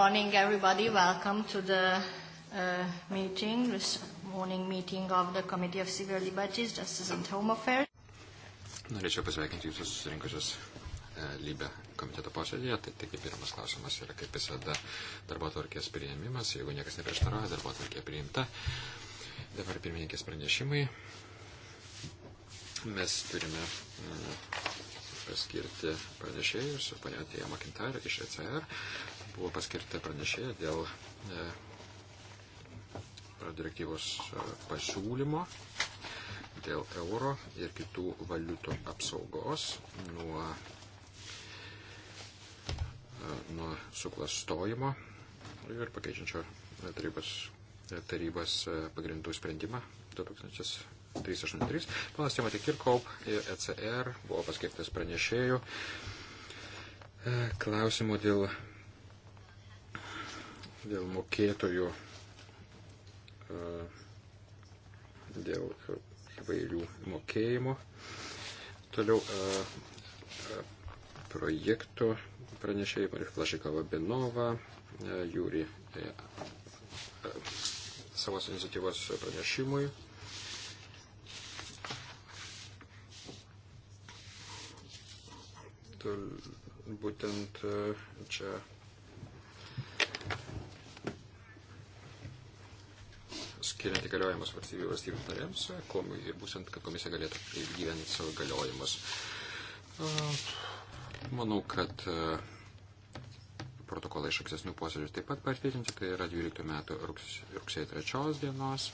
morning, everybody. Welcome to the uh, meeting, this morning meeting of the Committee of Civil Liberties, Justice and Home Affairs. Norėčiau pasveikinti jūsų susirinkusios e, lybę komiteto posėdėje. Tai tik pirmas klausimas yra kaip visada darbo tvarkės prieimimas. Jeigu niekas neprieštarauja, darbo tvarkė priimta. Dabar pirmininkės pranešimai. Mes turime mm, paskirti pranešėjus, panėtėje Makintarį iš ECR, buvo paskirta pranešėja dėl e, direktyvos e, pasiūlymo dėl euro ir kitų valiutų apsaugos nuo, e, nuo suklastojimo ir pakeičiančio tarybos, tarybos pagrindų sprendimą 2383. Panas Timotė Kirkaup ir ECR buvo paskirtas pranešėjų klausimų dėl dėl mokėtojų, e, dėl įvairių mokėjimų. Toliau e, e, projektų pranešėjai Plašikava Benova, Jūri savos iniciatyvos pranešimui. Būtent čia skiriant įgaliojimus valstybių valstybėms narėms, kom, būtent, kad komisija galėtų įgyvendinti savo įgaliojimus. Manau, kad e, protokolai iš ankstesnių posėdžių taip pat patvirtinti, tai yra 12 metų rugs, rugsėjo 3 dienos.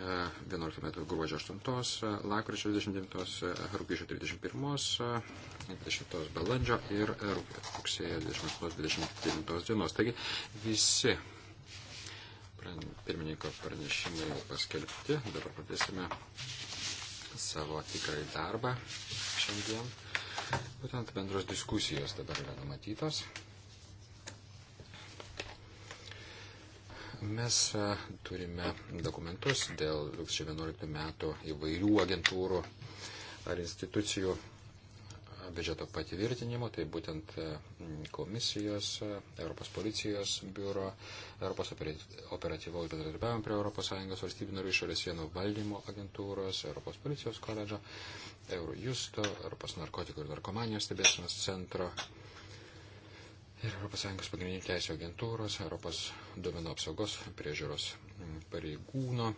11 e, metų gruodžio 8, lakryčio 29, rūpiučio 31, 20 balandžio ir e, rugsėjo 28-29 dienos. Taigi visi pirmininko pranešimai paskelbti. Dabar pradėsime savo tikrai darbą šiandien. Būtent bendros diskusijos dabar yra numatytos. Mes e, turime dokumentus dėl 2011 metų įvairių agentūrų ar institucijų biudžeto patvirtinimu, tai būtent e, komisijos, e, Europos policijos biuro, Europos operatyvaus bendradarbiavimo prie ES valstybių narių išorės sienų valdymo agentūros, Europos policijos koledžo, Eurojusto, Europos narkotikų ir narkomanijos stebėsinos centro. Ir ES pagrindinių teisų agentūros, Europos duomenų apsaugos priežiūros pareigūno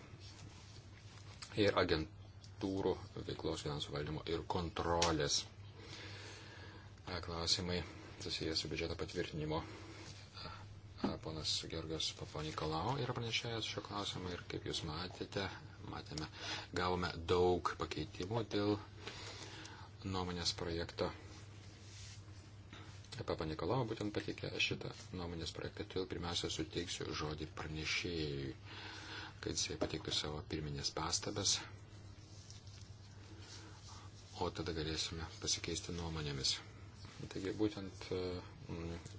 ir agentūrų veiklos finansų valdymo ir kontrolės klausimai susijęs su biudžeto patvirtinimo. Ponas Gergas Paponikolau yra pranešėjęs šio klausimo ir kaip jūs matėte, matėme, gavome daug pakeitimų dėl nuomonės projekto. Paponikolau būtent patikė šitą nuomonės projektą, todėl pirmiausia suteiksiu žodį pranešėjui, kad jisai pateiktų savo pirminės pastabas, o tada galėsime pasikeisti nuomonėmis. Taigi būtent e,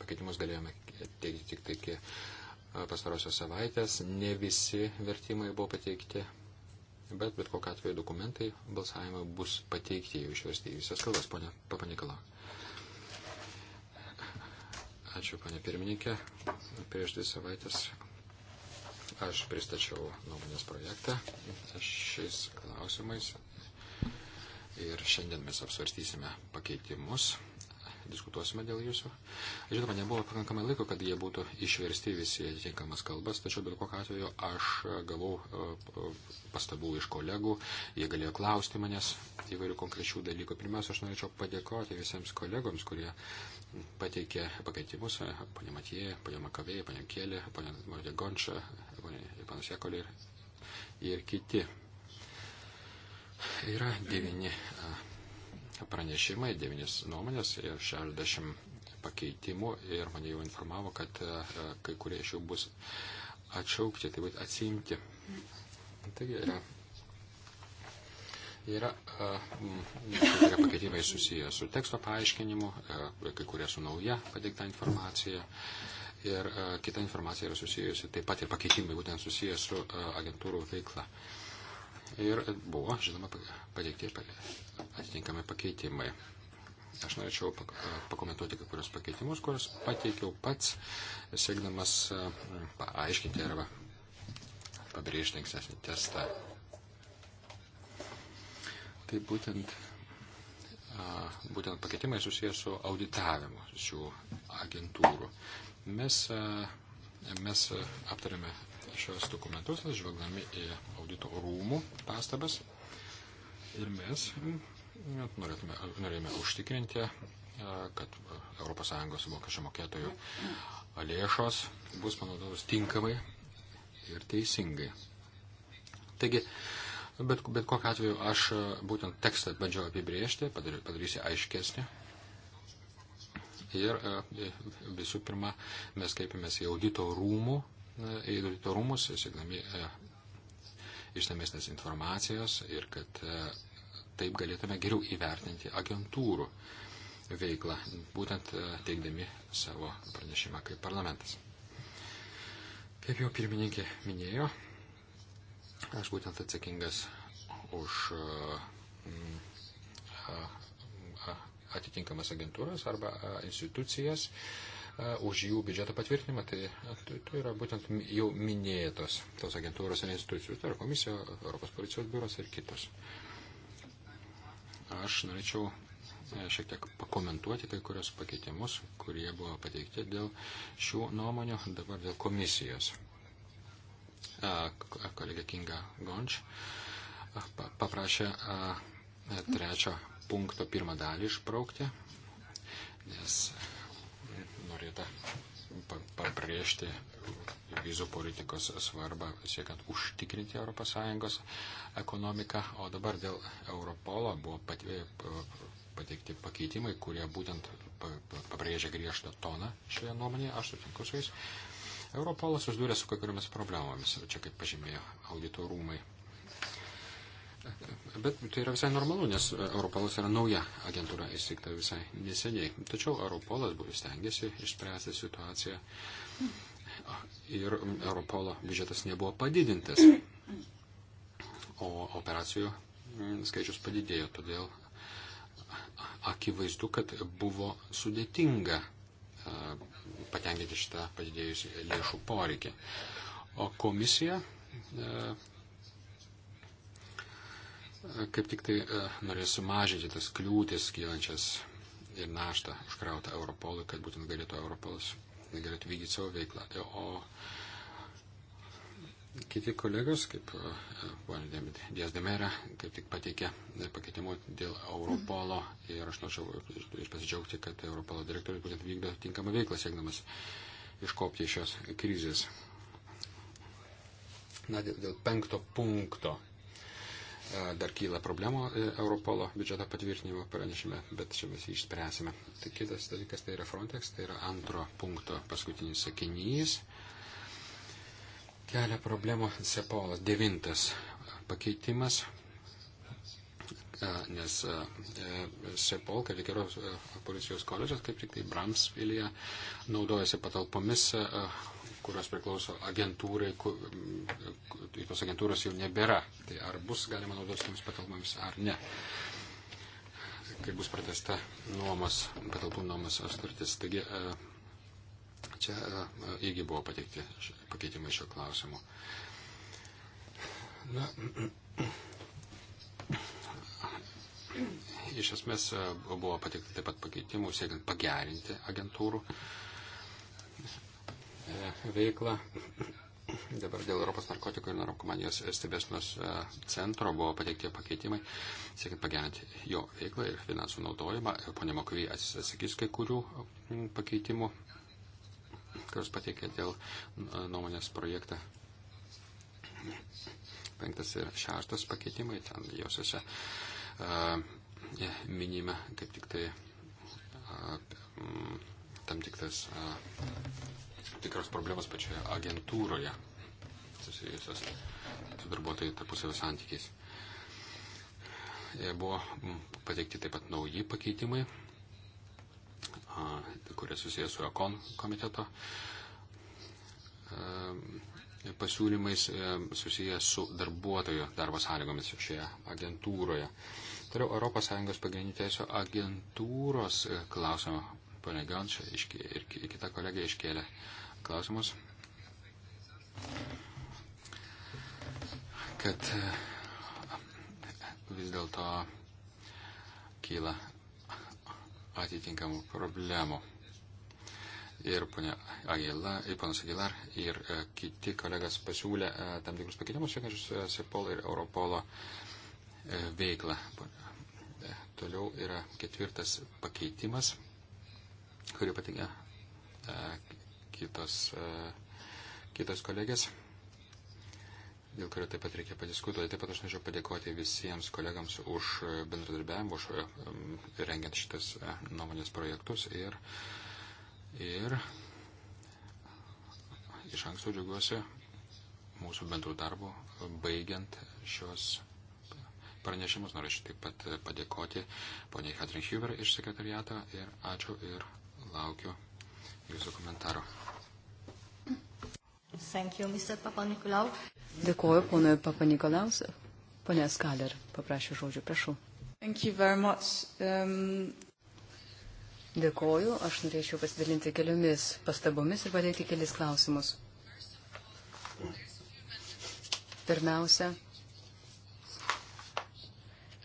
pakeitimus galėjome teikti tik tai iki e, pastarosios savaitės. Ne visi vertimai buvo pateikti, bet bet kokiu atveju dokumentai balsavimą bus pateikti jau išversti į visas kalbas, ponė Papanikala. Ačiū, ponė pirmininkė. Prieš dvi savaitės aš pristačiau nuomonės projektą šiais klausimais. Ir šiandien mes apsvarstysime pakeitimus diskutuosime dėl jūsų. Žinoma, nebuvo pakankamai laiko, kad jie būtų išversti visi atitinkamas kalbas, tačiau bet kokiu atveju aš gavau e, pastabų iš kolegų, jie galėjo klausti manęs įvairių konkrečių dalykų. Pirmiausia, aš norėčiau padėkoti visiems kolegoms, kurie pateikė pakeitimus, e, ponė Matijai, ponė Makavėjai, ponė Kėlė, ponė Mordė Gončia, ponė Sekolė ir, ir kiti. Yra devyni. A, e, pranešimai, 9 nuomonės ir 60 pakeitimų ir mane jau informavo, kad e, kai kurie iš jų bus atšaukti, tai būtų atsiimti. Taigi yra, yra kai kurie pakeitimai susiję su teksto paaiškinimu, e, kai kurie su nauja pateikta informacija. Ir uh, kita informacija yra susijusi, taip pat ir pakeitimai būtent susiję su uh, agentūrų veikla. Uh, ir buvo, žinoma, pateikti atitinkami pakeitimai. Aš norėčiau pakomentuoti kai kurios pakeitimus, kuriuos pateikiau pats, siekdamas e, paaiškinti arba pabrėžti ankstesnį testą. Tai būtent, būtent pakeitimai susijęs su auditavimu šių agentūrų. Mes, mes aptarėme šios dokumentus, žvelgdami į audito rūmų pastabas. Ir mes mm, norėtume, norėjome užtikrinti, kad ES mokesčio mokėtojų lėšos bus panaudotos tinkamai ir teisingai. Taigi, bet, bet kokiu atveju aš būtent tekstą bandžiau apibriežti, padarysiu aiškesnį. Ir visų pirma, mes kreipėmės į audito rūmų į audito rūmus, siekdami e, išsamesnės informacijos ir kad e, taip galėtume geriau įvertinti agentūrų veiklą, būtent e, teikdami savo pranešimą kaip parlamentas. Kaip jau pirmininkė minėjo, aš būtent atsakingas už atitinkamas agentūras arba institucijas, už jų biudžeto patvirtinimą, tai, tai, tai yra būtent jau minėtos tos agentūros ir institucijos, tai yra komisija, Europos policijos biuras ir kitos. Aš norėčiau e, šiek tiek pakomentuoti kai kurios pakeitimus, kurie buvo pateikti dėl šių nuomonių, dabar dėl komisijos. Kolegė Kinga Gonč paprašė trečio punkto pirmą dalį išbraukti, nes padaryta pabrėžti vizų politikos svarbą siekiant užtikrinti ES ekonomiką, o dabar dėl Europolo buvo e, pateikti pakeitimai, kurie būtent pabrėžia griežtą toną šioje nuomonėje, aš sutinku su jais. Europolas susidūrė su kai kuriomis problemomis, čia kaip pažymėjo auditorumai. rūmai Bet tai yra visai normalu, nes Europolas yra nauja agentūra įsteigta visai neseniai. Tačiau Europolas buvo stengiasi išspręsti situaciją ir Europolo biudžetas nebuvo padidintas, o operacijų skaičius padidėjo. Todėl akivaizdu, kad buvo sudėtinga patenkinti šitą padidėjusią lėšų poreikį. O komisija kaip tik tai e, norės sumažinti tas kliūtis kylančias ir naštą užkrautą Europolui, kad būtent galėtų Europolas galėtų vykdyti savo veiklą. E, o kiti kolegos, kaip e, ponė Dės Demera, kaip tik pateikė pakeitimų dėl Europolo ir aš norėčiau pasidžiaugti, kad Europolo direktorius būtent vykdo tinkamą veiklą, siekdamas iškopti iš šios krizės. Na, dėl, dėl penkto punkto Dar kyla problemo e, Europolo biudžeto patvirtinimo pranešime, bet čia mes jį išspręsime. Tai kitas dalykas tai yra Frontex, tai yra antro punkto paskutinis sakinys. Kelia problemų Sepolas, devintas pakeitimas, nes e, Sepol, kaip geros policijos koledžas, kaip tik tai Bramsvilyje, naudojasi patalpomis kurios priklauso agentūrai, kur, tos agentūros jau nebėra. Tai ar bus galima naudotis tomis patalpomis ar ne. Kai bus pratesta nuomas, patalpų nuomas sutartis. Taigi e, čia e, irgi buvo pateikti pakeitimai šio klausimu. Na, iš esmės e, buvo pateikti taip pat pakeitimų, siekiant pagerinti agentūrų uh, veiklą. Dabar dėl Europos narkotikų ir narkomanijos stebėsinos e, centro buvo pateikti pakeitimai, siekiant pagerinti jo veiklą ir finansų naudojimą. E, Pone Mokovy atsisakys kai kurių pakeitimų, kurios pateikė dėl nuomonės projektą. Penktas ir šeštas pakeitimai, ten josiuose minime kaip tik tai a, m, tam tikras. A, tikros problemos pačioje agentūroje susijusios su darbuotojų tarpusavio santykiais. Ir e, buvo pateikti taip pat nauji pakeitimai, kurie susijęs su ECON komiteto e, pasiūlymais e, susijęs su darbuotojų darbo sąlygomis šioje agentūroje. Toliau ES pagrindinių teisų agentūros klausimą, ponia Gončia ir kita kolegė iškėlė klausimus, kad e, vis dėlto kyla atitinkamų problemų. Ir ponia Agila, ir ponas Agilar, ir e, kiti kolegas pasiūlė e, tam tikrus pakeitimus, siekiančius e, SEPOL ir Europolo e, veiklą. E, toliau yra ketvirtas pakeitimas, kurį patikė e, kitos, e, kitos kolegės, dėl kurio taip pat reikia padiskutuoti. Taip pat aš norėčiau padėkoti visiems kolegams už bendradarbiavimą, už e, rengiant šitas e, nuomonės projektus ir, ir iš anksto džiaugiuosi mūsų bendrų darbų, baigiant šios pranešimus. Norėčiau taip pat padėkoti poniai Katrin Huber iš sekretariato ir ačiū ir laukiu jūsų komentaro. Thank you, Mr. Papa Nikolau. Dėkuoju, ponui Papa Nikolaus. Pone Skaler, paprašau žodžių, prašau. Thank you very much. Um... Dėkuoju, aš norėčiau pasidalinti keliomis pastabomis ir pateikti kelis klausimus. Pirmiausia,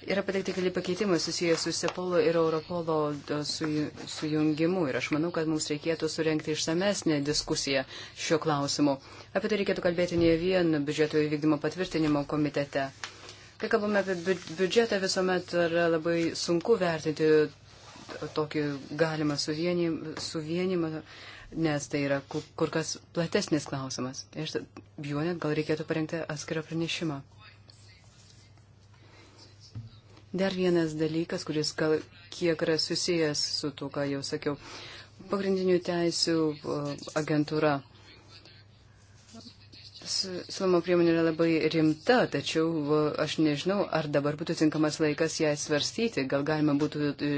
Yra pateikti keli pakeitimai susijęs su Sepolo ir Europolo e, sujungimu ir aš manau, kad mums reikėtų surenkti išsamesnę diskusiją šiuo klausimu. Apie tai reikėtų kalbėti ne vien biudžeto įvykdymo patvirtinimo komitete. Kai kalbame apie biudžetą, visuomet yra labai sunku vertinti tokį galimą suvienimą, suvienimą nes tai yra kur kas platesnis klausimas. Ir juo net gal reikėtų parengti atskirą pranešimą. Dar vienas dalykas, kuris gal kiek yra susijęs su tuo, ką jau sakiau. Pagrindinių teisų agentūra. Siūloma priemonė yra labai rimta, tačiau aš nežinau, ar dabar būtų tinkamas laikas ją svarstyti. Gal galima būtų e,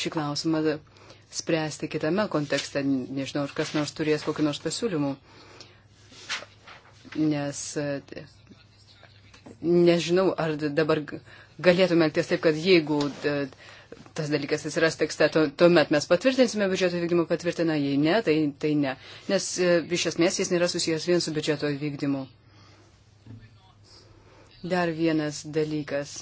šį klausimą spręsti kitame kontekste. Nežinau, ar kas nors turės kokį nors pasiūlymų. Nes e, nežinau, ar dabar galėtume elgtis taip, kad jeigu e, tas dalykas atsiras tekste, tuomet mes patvirtinsime biudžeto vykdymo patvirtiną, jei ne, tai, tai ne. Nes e, iš esmės jis nėra susijęs vien su biudžeto vykdymu. Dar vienas dalykas.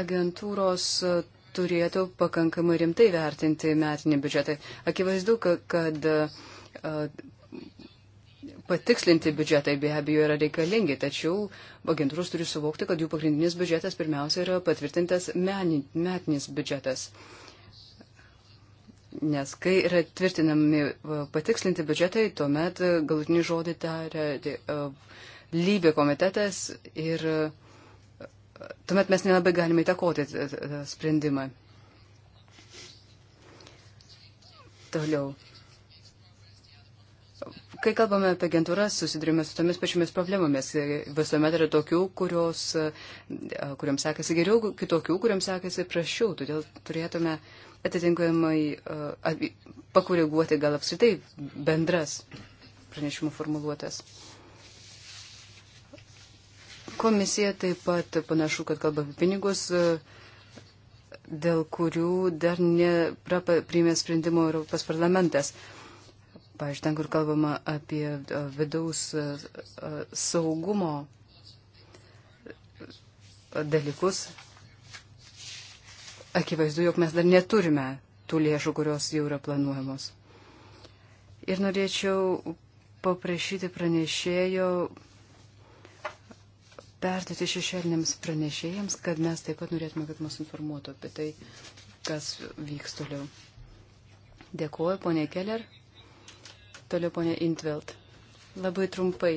Agentūros e, turėtų pakankamai rimtai vertinti metinį biudžetą. Akivaizdu, kad, kad patikslinti biudžetai be abejo yra reikalingi, tačiau agentūros turi suvokti, kad jų pagrindinis biudžetas pirmiausia yra patvirtintas metinis biudžetas. Nes kai yra tvirtinami patikslinti biudžetai, tuomet e, galutinį žodį taria e, lybė komitetas ir e, tuomet mes nelabai galime įtakoti sprendimą. Toliau. Kai kalbame apie agentūras, susidurime su tomis pačiomis problemomis. Visuomet yra tokių, kurios, e, kuriams sekasi geriau, kitokių, kuriams sekasi prašiau. Todėl turėtume atitinkamai e, pakoreguoti gal apskritai bendras pranešimų formuluotės. Komisija taip pat panašu, kad kalba apie pinigus, e, dėl kurių dar nepriėmė sprendimo Europos parlamentas pavyzdžiui, ten, kur kalbama apie e, vidaus e, e, saugumo dalykus, akivaizdu, jog mes dar neturime tų lėšų, kurios jau yra planuojamos. Ir norėčiau paprašyti pranešėjo perduoti šešėliniams pranešėjams, kad mes taip pat norėtume, kad mus informuotų apie tai, kas vyks toliau. Dėkuoju, ponė Keller. Toliau ponė Intvelt. Labai trumpai.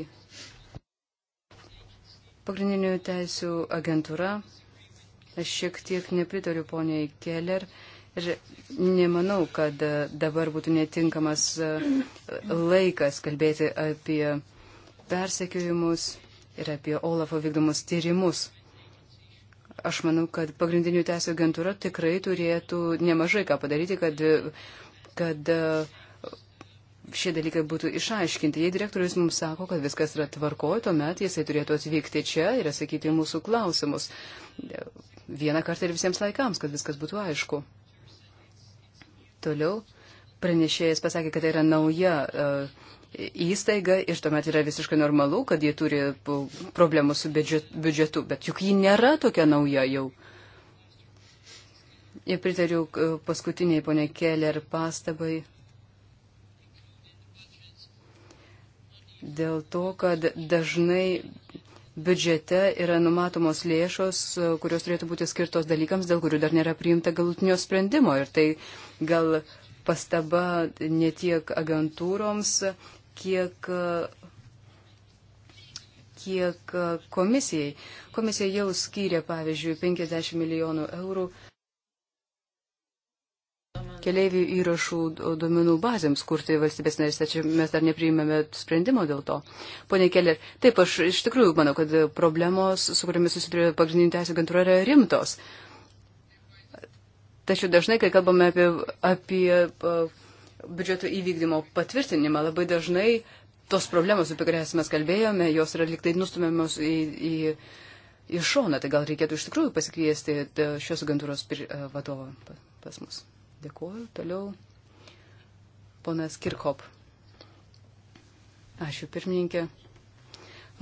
Pagrindinių teisų agentūra. Aš šiek tiek nepritariu poniai Keller ir nemanau, kad e, dabar būtų netinkamas e, laikas kalbėti apie persekiojimus ir apie Olafo vykdomus tyrimus. Aš manau, kad pagrindinių teisų agentūra tikrai turėtų nemažai ką padaryti, kad, kad uh, šie dalykai būtų išaiškinti. Jei direktorius mums sako, kad viskas yra tvarkoje, tuomet jisai turėtų atvykti čia ir atsakyti mūsų klausimus. Vieną kartą ir visiems laikams, kad viskas būtų aišku. Toliau pranešėjas pasakė, kad tai yra nauja uh, įstaiga ir tuomet yra visiškai normalu, kad jie turi e, problemų su biudžetu, bet juk ji nėra tokia nauja jau. Ir pritariu e, paskutiniai ponė Keller pastabai dėl to, kad dažnai biudžete yra numatomos lėšos, kurios turėtų būti skirtos dalykams, dėl kurių dar nėra priimta galutinio sprendimo. Ir tai gal pastaba ne tiek agentūroms, kiek, kiek komisijai. Komisija jau skyrė, pavyzdžiui, 50 milijonų eurų keliaivių įrašų duomenų bazėms kurti valstybės narės, tačiau mes dar nepriimėme sprendimo dėl to. Pone Keller, taip, aš iš tikrųjų manau, kad problemos, su kuriamis susiduria pagrindinė teisė agentūra, yra rimtos. Tačiau dažnai, kai kalbame apie, apie biudžeto įvykdymo patvirtinimą, labai dažnai tos problemos, apie kurias mes kalbėjome, jos yra liktai nustumėmos į, į, į šoną. Tai gal reikėtų iš tikrųjų pasikviesti šios agentūros vadovą pas mus. Dėkuoju. Toliau ponas Kirkop. Ačiū, pirmininkė.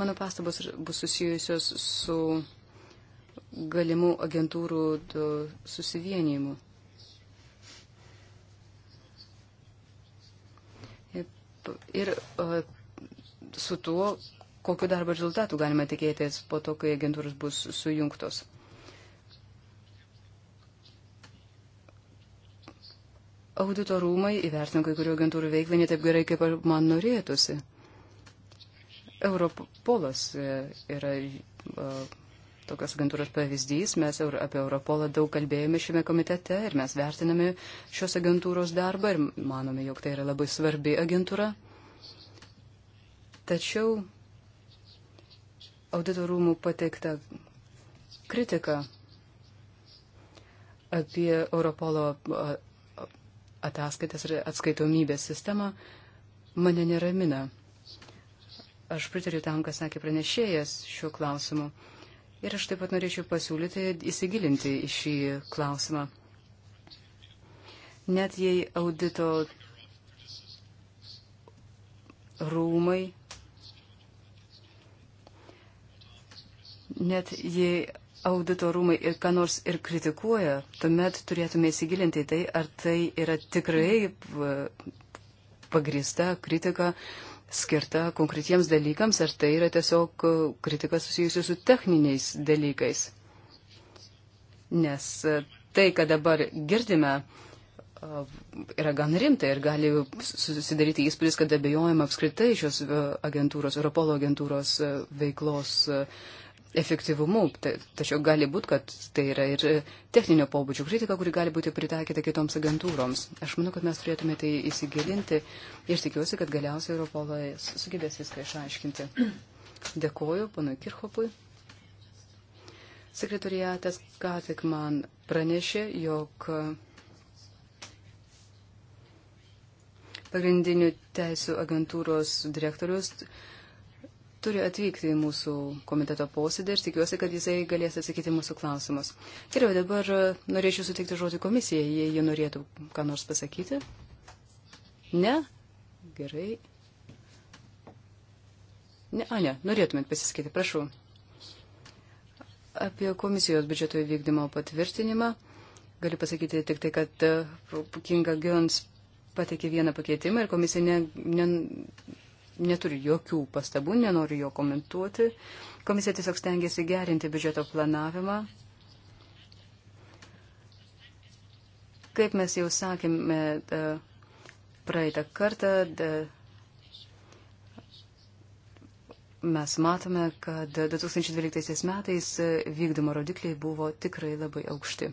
Mano pastabos bus susijusios su galimų agentūrų susivienijimu. Ir su tuo, kokiu darbo rezultatų galima tikėtis po to, kai agentūros bus sujungtos. auditorumai įvertino kai kurių agentūrų veiklą ne taip gerai, kaip man norėtųsi. Europolas e, yra e, tokios agentūros pavyzdys. Mes apie Europolą daug kalbėjome šiame komitete ir mes vertiname šios agentūros darbą ir manome, jog tai yra labai svarbi agentūra. Tačiau auditorumų pateikta kritika apie Europolo e, ataskaitas ir atskaitomybės sistemą mane neramina. Aš pritariu tam, kas sakė pranešėjas šiuo klausimu. Ir aš taip pat norėčiau pasiūlyti įsigilinti į šį klausimą. Net jei audito rūmai, net jei auditorumai ir ką nors ir kritikuoja, tuomet turėtume įsigilinti tai, ar tai yra tikrai pagrįsta kritika skirta konkretiems dalykams, ar tai yra tiesiog e, kritika susijusi su techniniais dalykais. Nes e, tai, ką dabar girdime, e, yra gan rimta ir gali susidaryti įspūdis, kad abejojama apskritai šios agentūros, Europolo agentūros veiklos uh, efektyvumu, tačiau gali būti, kad tai yra ir techninio pobūdžio kritika, kuri gali būti pritaikyta kitoms agentūroms. Aš manau, kad mes turėtume tai įsigilinti ir tikiuosi, kad galiausiai Europolai sugebės viską išaiškinti. Dėkoju panui Kirchopui. Sekretariatas ką tik man pranešė, jog pagrindinių teisų agentūros direktorius turi atvykti į mūsų komiteto posėdį ir tikiuosi, kad jisai galės atsakyti mūsų klausimus. Gerai, dabar e, norėčiau sutikti žodį komisijai, jei jie norėtų ką nors pasakyti. Ne? Gerai. Ne, a, ne, norėtumėt pasiskyti, prašau. Apie komisijos biudžeto įvykdymo patvirtinimą galiu pasakyti tik tai, kad e, Kinga Gions pateikė vieną pakeitimą ir komisija ne, ne, neturiu jokių pastabų, nenoriu jo komentuoti. Komisija tiesiog stengiasi gerinti biudžeto planavimą. Kaip mes jau sakėme e, praeitą kartą, mes matome, kad 2012 metais vykdymo rodikliai buvo tikrai labai aukšti.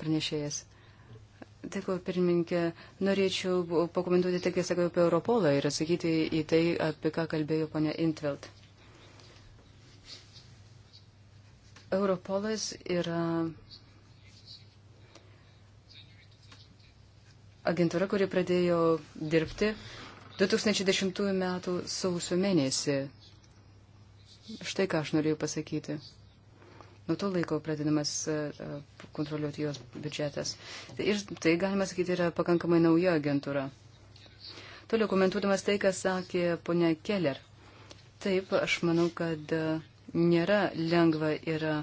Pranešėjas. Dėkuoju, pirmininkė. Norėčiau pakomentuoti tai, ką sakiau apie Europolą ir atsakyti į tai, apie ką kalbėjo ponia Intveld. Europolas yra agentūra, kuri pradėjo dirbti 2010 m. sausio mėnesį. Štai ką aš norėjau pasakyti. Nuo to laiko pradedamas e, e, kontroliuoti jos biudžetas. Tai ir tai, galima sakyti, yra pakankamai nauja agentūra. Toliau komentuodamas tai, ką sakė ponia Keller. Taip, aš manau, kad e, nėra lengva yra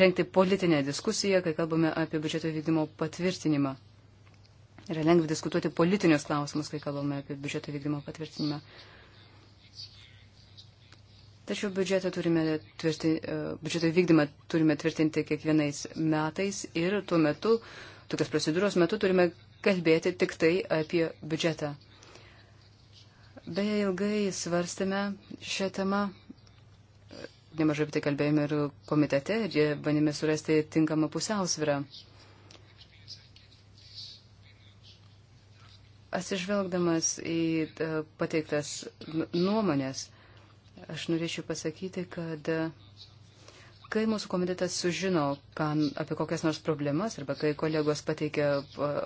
rengti politinę diskusiją, kai kalbame apie biudžeto vykdymo patvirtinimą. Yra lengva diskutuoti politinius klausimus, kai kalbame apie biudžeto vykdymo patvirtinimą. Tačiau biudžetą, turime tvirti, e, biudžeto vykdymą turime tvirtinti kiekvienais metais ir tuo metu, tokios procedūros metu turime kalbėti tik tai apie biudžetą. Beje, ilgai svarstėme šią temą, nemažai apie tai kalbėjome ir komitete, ir bandėme surasti tinkamą pusiausvyrą. Atsižvelgdamas į e, pateiktas nuomonės, Aš norėčiau pasakyti, kad kai mūsų komitetas sužino kam, apie kokias nors problemas arba kai kolegos pateikia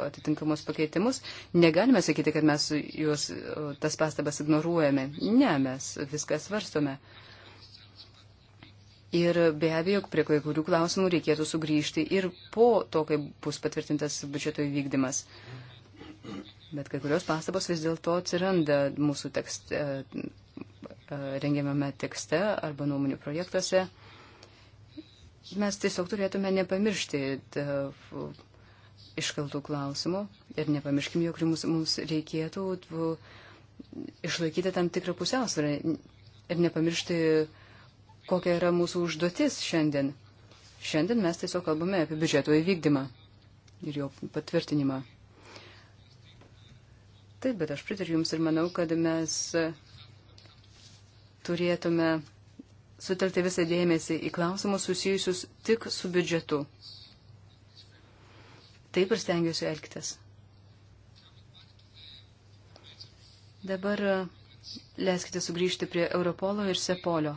atitinkamus pakeitimus, negalime sakyti, kad mes juos tas pastabas ignoruojame. Ne, mes viską svarstome. Ir be abejo, prie kai kurių klausimų reikėtų sugrįžti ir po to, kai bus patvirtintas biudžeto įvykdymas. Bet kai kurios pastabos vis dėlto atsiranda mūsų tekste, E, rengiamame tekste arba nuomonių projektuose, mes tiesiog turėtume nepamiršti e, iškeltų klausimų ir nepamirškim, jog mums, mums reikėtų išlaikyti tam tikrą pusiausvyrą ir nepamiršti, kokia yra mūsų užduotis šiandien. Šiandien mes tiesiog kalbame apie biudžeto įvykdymą ir jo patvirtinimą. Taip, bet aš pritariu Jums ir manau, kad mes turėtume sutelkti visą dėmesį į klausimus susijusius tik su biudžetu. Taip ir stengiuosi elgtis. Dabar e, leiskite sugrįžti prie Europolo ir Sepolio.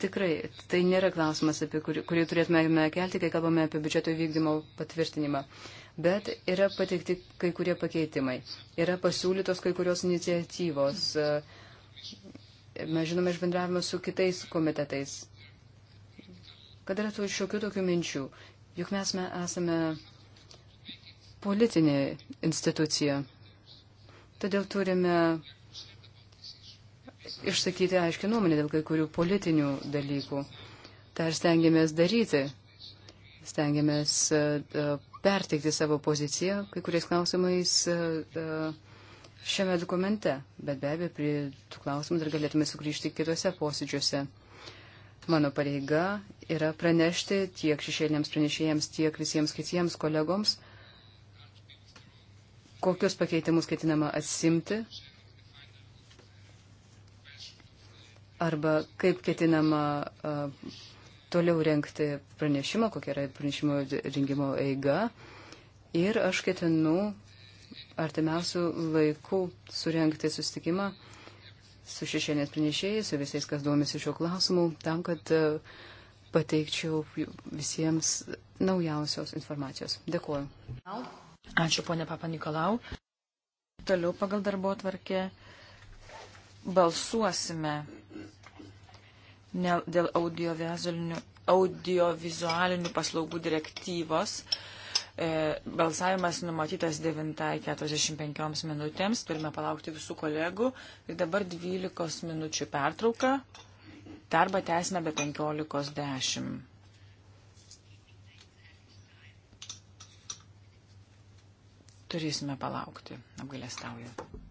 Tikrai, tai nėra klausimas, apie kurį, kurį turėtume kelti, kai kalbame apie biudžeto įvykdymo patvirtinimą. Uh, bet yra pateikti kai kurie pakeitimai, yra pasiūlytos kai kurios iniciatyvos. E, mes žinome iš bendravimo su kitais komitetais, kad yra tų šiokių tokių minčių, juk mes me esame politinė institucija. Todėl turime išsakyti aiškį nuomonę dėl kai kurių politinių dalykų. Tai aš stengiamės daryti, stengiamės e, e, perteikti savo poziciją kai kuriais klausimais e, šiame dokumente, bet be abejo prie tų klausimų dar galėtume sugrįžti kitose posėdžiuose. Mano pareiga yra pranešti tiek šešėliniams pranešėjams, tiek visiems kitiems kolegoms, kokius pakeitimus ketinama atsimti arba kaip ketinama uh, toliau renkti pranešimą, kokia yra pranešimo rengimo eiga. Ir aš ketinu artimiausių laikų surenkti sustikimą su šešienės pranešėjais, su visais, kas domisi šio klausimu, tam, kad e, pateikčiau visiems naujausios informacijos. Dėkuoju. Ačiū, ponė Papa Nikolau. Toliau pagal darbo atvarkę balsuosime dėl audiovizualinių, audiovizualinių paslaugų direktyvos. E, balsavimas numatytas 9.45 minutėms. Turime palaukti visų kolegų. Ir dabar 12 minučių pertrauka. Darbą tęsime be 15.10. Turėsime palaukti, apgailestauju.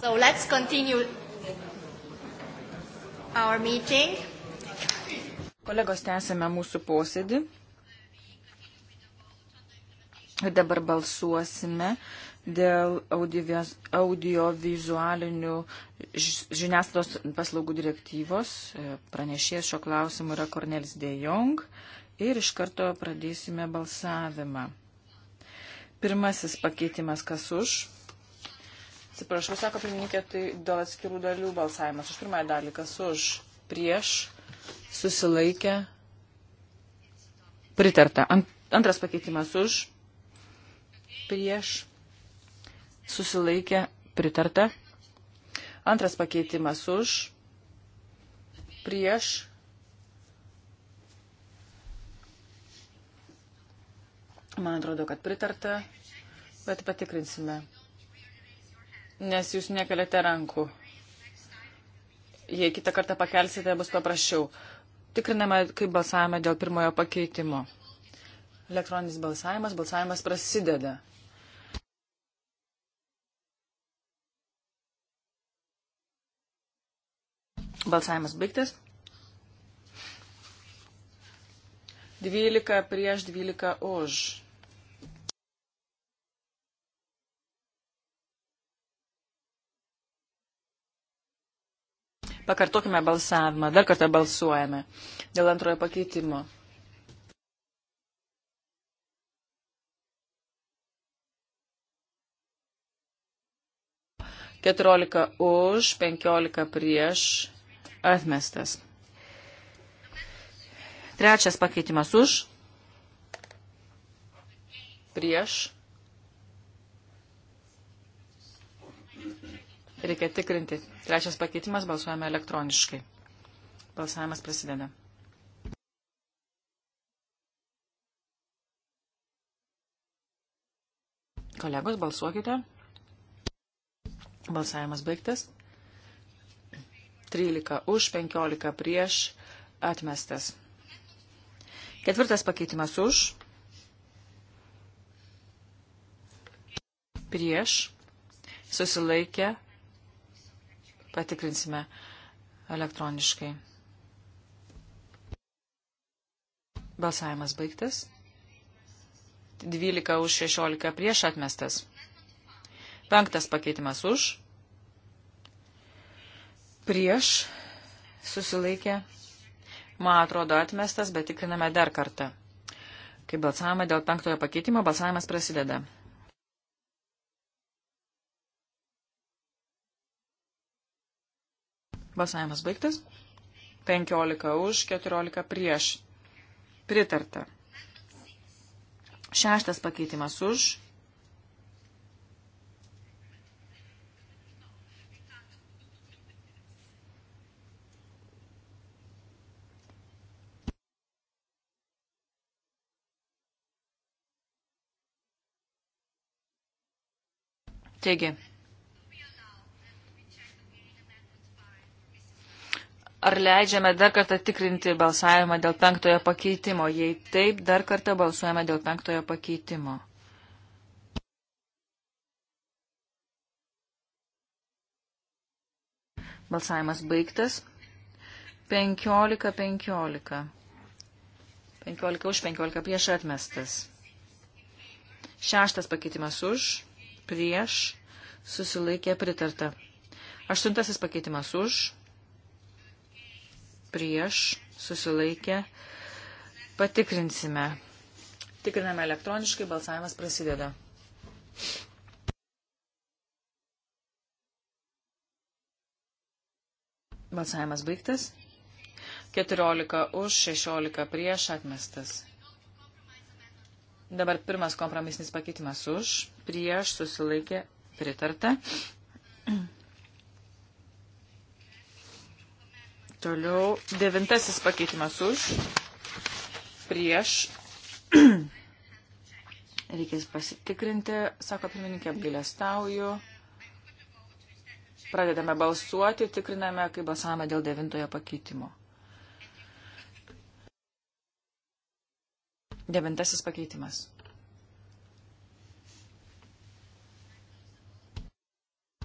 So let's continue our meeting. Kolegos, tęsime mūsų posėdį. Dabar balsuosime dėl audiovizualinių audio žiniasklaidos paslaugų direktyvos. E, pranešėjas šio klausimu yra Kornelis De Jong ir iš karto pradėsime balsavimą. Pirmasis pakeitimas kas už? Atsiprašau, sako pirmininkė, tai dėl atskirų dalių balsavimas. Už pirmąją dalį, kas už, prieš, susilaikė, pritarta. Ant, antras pakeitimas už, prieš, susilaikė, pritarta. Antras pakeitimas už, prieš, Man atrodo, kad pritarta, bet patikrinsime nes jūs nekeliate rankų. Jei kitą kartą pakelsite, bus paprasčiau. Tikriname, kaip balsavome dėl pirmojo pakeitimo. Elektroninis balsavimas, balsavimas prasideda. Balsavimas baigtas. 12 prieš 12 už. Pakartokime balsavimą. Dar kartą balsuojame dėl antrojo pakeitimo. Keturiolika už, penkiolika prieš, atmestas. Trečias pakeitimas už, prieš, Reikia tikrinti. Trečias pakeitimas balsuojame elektroniškai. Balsavimas prasideda. Kolegos, balsuokite. Balsavimas baigtas. 13 už, 15 prieš, atmestas. Ketvirtas pakeitimas už, prieš, susilaikė, Patikrinsime elektroniškai. Balsavimas baigtas. 12 už 16 prieš atmestas. Penktas pakeitimas už. Prieš susilaikė. Man atrodo atmestas, bet tikriname dar kartą. Kai balsavome dėl penktojo pakeitimo, balsavimas prasideda. Balsavimas baigtas. 15 už, 14 prieš. Pritarta. Šeštas pakeitimas už. Taigi, ar leidžiame dar kartą tikrinti balsavimą dėl penktojo pakeitimo? Jei taip, dar kartą balsuojame dėl penktojo pakeitimo. Balsavimas baigtas. 15, 15. 15 už, 15 prieš atmestas. Šeštas pakeitimas už, prieš, susilaikė pritarta. Aštuntasis pakeitimas už, prieš, susilaikė, patikrinsime. Tikriname elektroniškai, balsavimas prasideda. Balsavimas baigtas. 14 už, 16 prieš atmestas. Dabar pirmas kompromisinis pakeitimas už, prieš susilaikė pritarta. Toliau devintasis pakeitimas už, prieš. Reikės pasitikrinti, sako pirmininkė, apgailestauju. Pradedame balsuoti, tikriname, kaip balsavome dėl devintojo pakeitimo. Devintasis pakeitimas.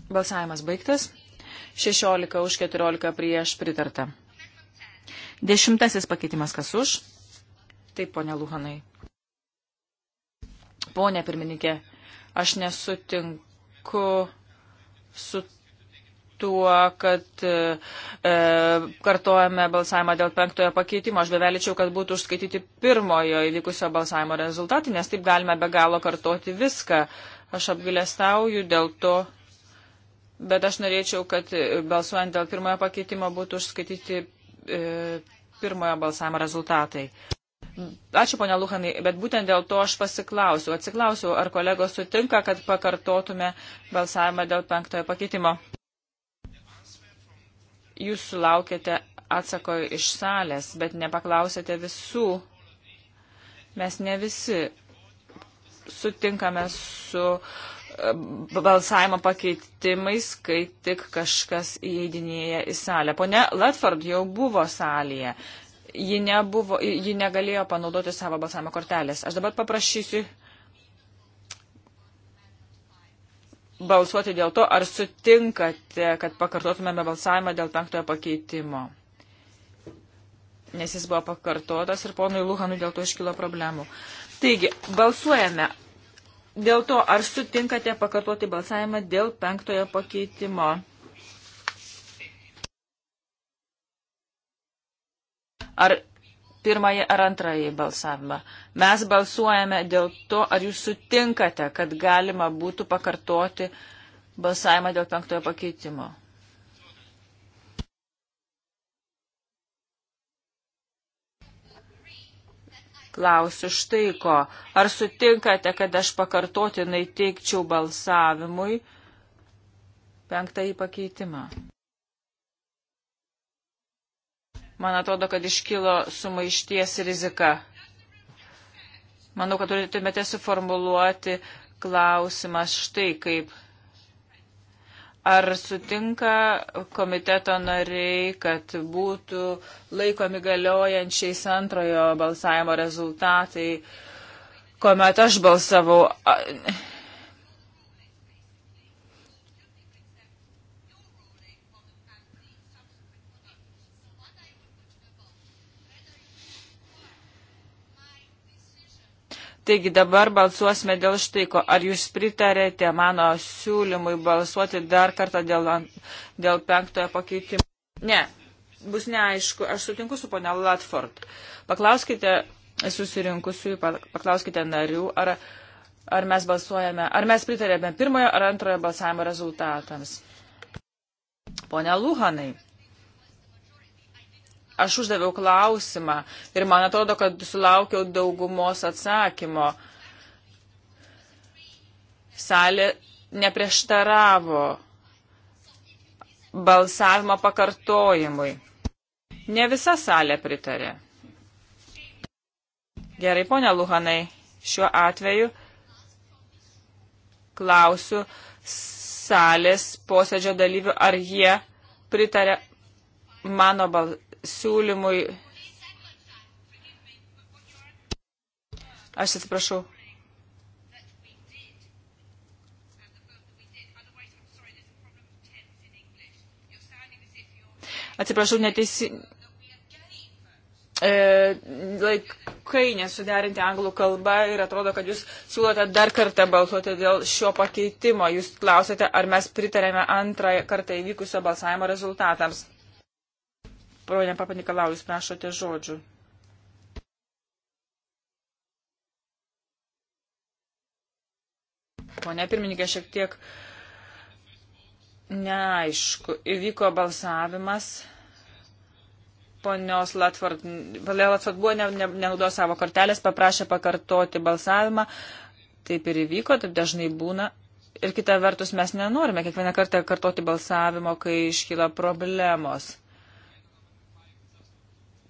Balsavimas baigtas. 16 už 14 prieš pritarta. Dešimtasis pakeitimas kas už? Taip, ponia Luhanai. Pone pirmininkė, aš nesutinku su tuo, kad e, e, kartojame balsavimą dėl penktojo pakeitimo. Aš beveličiau, kad būtų užskaityti pirmojo įvykusio balsavimo rezultatai, nes taip galime be galo kartoti viską. Aš apgilestauju dėl to, bet aš norėčiau, kad e, balsuojant dėl pirmojo pakeitimo būtų užskaityti e, pirmojo balsavimo rezultatai. Ačiū, ponia Luhanai, bet būtent dėl to aš pasiklausiu. Atsiklausiu, ar kolegos sutinka, kad pakartotume balsavimą dėl penktojo pakeitimo. Jūs sulaukėte atsako iš salės, bet nepaklausėte visų. Mes ne visi sutinkame su uh, balsavimo pakeitimais, kai tik kažkas įeidinėja į salę. Pone Latford jau buvo salėje. Ji, nebuvo, ji negalėjo panaudoti savo balsavimo kortelės. Aš dabar paprašysiu balsuoti dėl to, ar sutinkate, kad pakartotumėme balsavimą dėl penktojo pakeitimo. Nes jis buvo pakartotas ir ponui Luhanui dėl to iškilo problemų. Taigi, balsuojame, Dėl to, ar sutinkate pakartoti balsavimą dėl penktojo pakeitimo? Ar pirmąjį ar antrąjį balsavimą? Mes balsuojame dėl to, ar jūs sutinkate, kad galima būtų pakartoti balsavimą dėl penktojo pakeitimo. klausiu štai ko. Ar sutinkate, kad aš pakartotinai teikčiau balsavimui penktąjį pakeitimą? Man atrodo, kad iškilo sumaišties rizika. Manau, kad turėtumėte suformuluoti klausimas štai kaip Ar sutinka komiteto nariai, kad būtų laikomi galiojančiais antrojo balsavimo rezultatai, kuomet aš balsavau? Taigi dabar balsuosime dėl štai ko. Ar jūs pritarėte mano siūlymui balsuoti dar kartą dėl, dėl penktojo pakeitimo? Ne, bus neaišku. Aš sutinku su ponia Latford. Paklauskite susirinkusiųjų, paklauskite narių, ar, ar mes balsuojame, ar mes pritarėme pirmojo ar antrojo balsavimo rezultatams. Pone Luhanai, aš uždaviau klausimą ir man atrodo, kad sulaukiau daugumos atsakymo. Salė neprieštaravo balsavimo pakartojimui. Ne visa salė pritarė. Gerai, ponia Luhanai, šiuo atveju klausiu salės posėdžio dalyvių, ar jie pritarė mano bal siūlymui. Aš atsiprašau. Atsiprašau, neteisi. E, laikai nesuderinti anglų kalbą ir atrodo, kad jūs siūlote dar kartą balsuoti dėl šio pakeitimo. Jūs klausėte, ar mes pritarėme antrą kartą įvykusio balsavimo rezultatams. Pone Papanikalau, jūs prašote žodžių. Pone pirmininkė, šiek tiek neaišku. Įvyko balsavimas. Ponios Latvard, Latvard buvo, ne, ne, nenaudo savo kortelės, paprašė pakartoti balsavimą. Taip ir įvyko, taip dažnai būna. Ir kita vertus, mes nenorime kiekvieną kartą kartoti balsavimo, kai iškyla problemos.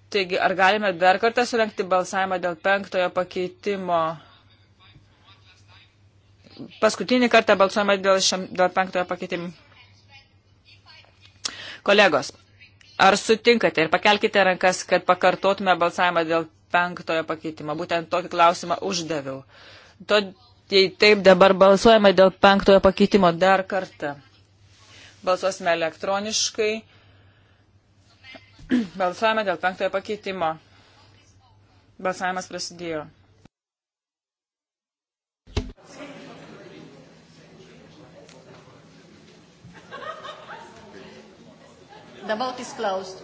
Taigi, ar galime dar kartą surenkti balsavimą dėl penktojo pakeitimo? Paskutinį kartą balsuojame dėl, šiam, dėl penktojo pakeitimo. Kolegos, ar sutinkate ir pakelkite rankas, kad pakartotume balsavimą dėl penktojo pakeitimo? Būtent tokį klausimą uždaviau. To, tai taip dabar balsuojame dėl penktojo pakeitimo dar kartą. Balsuosime elektroniškai. Balsuojame dėl penktojo pakeitimo. Balsavimas prasidėjo. The vote is closed.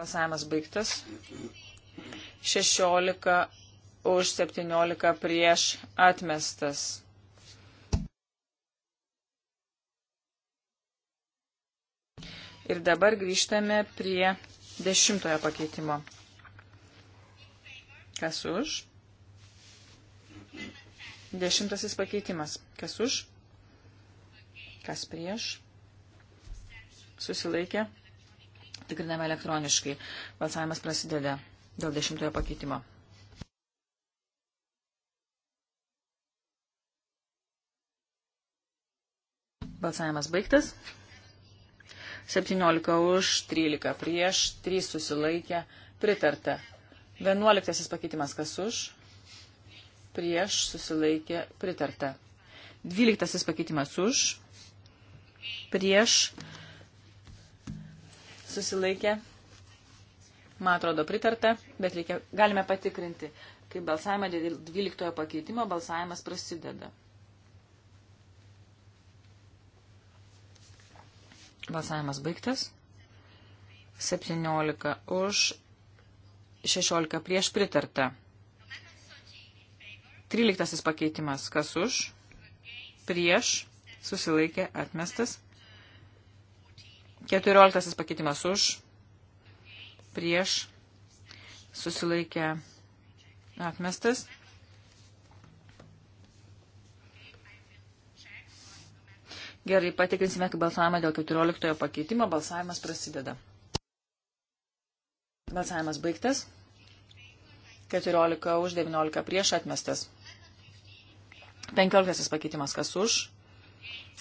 Balsavimas baigtas. 16 už 17 prieš atmestas. Ir dabar grįžtame prie dešimtojo pakeitimo. Kas už? Dešimtasis pakeitimas. Kas už? Kas prieš? Susilaikė. Tikriname elektroniškai. Balsavimas prasideda dėl dešimtojo pakeitimo. Balsavimas baigtas. 17 už, 13 prieš, 3 susilaikė, pritarta. 11 pakeitimas kas už, prieš, susilaikė, pritarta. 12 pakeitimas už, prieš, susilaikė, man atrodo pritarta, bet reikia, galime patikrinti, kai balsavimą dėl 12 pakeitimo balsavimas prasideda. Balsavimas baigtas. 17 už, 16 prieš pritarta. 13 pakeitimas. Kas už? Prieš. Susilaikė atmestas. 14 pakeitimas už. Prieš. Susilaikė atmestas. Gerai, patikrinsime, kaip balsavimą dėl 14 pakeitimo. Balsavimas prasideda. Balsavimas baigtas. 14 už, 19 prieš atmestas. 15 pakeitimas, kas už,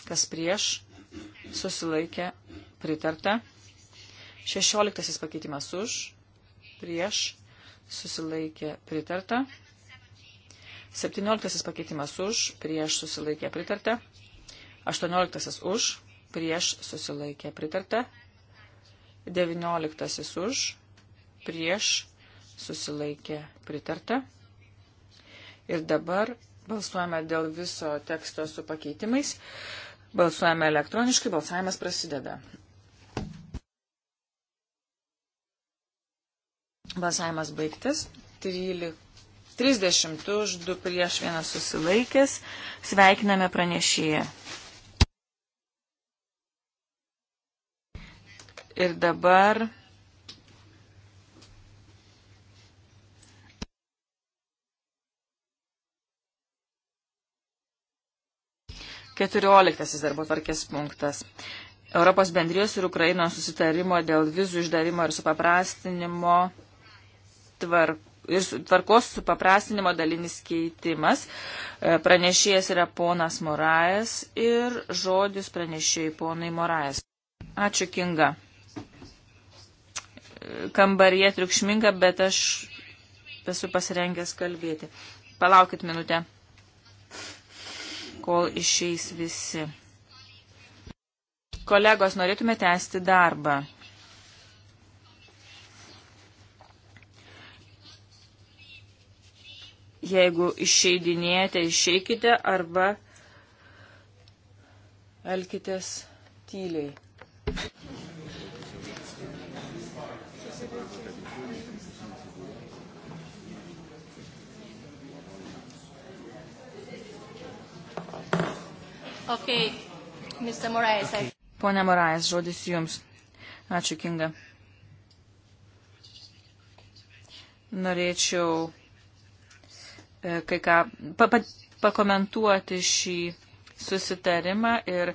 kas prieš, susilaikė, pritarta. 16 pakeitimas už, prieš, susilaikė, pritarta. 17 pakeitimas už, prieš, susilaikė, pritarta. 18 už, prieš susilaikė pritarta. 19 už, prieš susilaikė pritarta. Ir dabar balsuojame dėl viso teksto su pakeitimais. Balsuojame elektroniškai, balsavimas prasideda. Balsavimas baigtas. 13. 30 už 2 prieš 1 susilaikęs. Sveikiname pranešėją. Ir dabar Keturioliktasis darbo tvarkės punktas. Europos bendrijos ir Ukrainos susitarimo dėl vizų išdavimo ir supaprastinimo tvark, ir tvarkos supaprastinimo dalinis keitimas. E, pranešėjas yra ponas Morajas ir žodis pranešėjai ponai Morajas. Ačiū, Kinga kambaryje triukšminga, bet aš esu pasirengęs kalbėti. Palaukit minutę, kol išeis visi. Kolegos, norėtume tęsti darbą. Jeigu išeidinėjate, išeikite arba elkitės tyliai. Okay. Mr. Morais, I... Pone Morais, žodis jums. Ačiū, Kinga. Norėčiau e, kai ką pa, pa, pakomentuoti šį susitarimą ir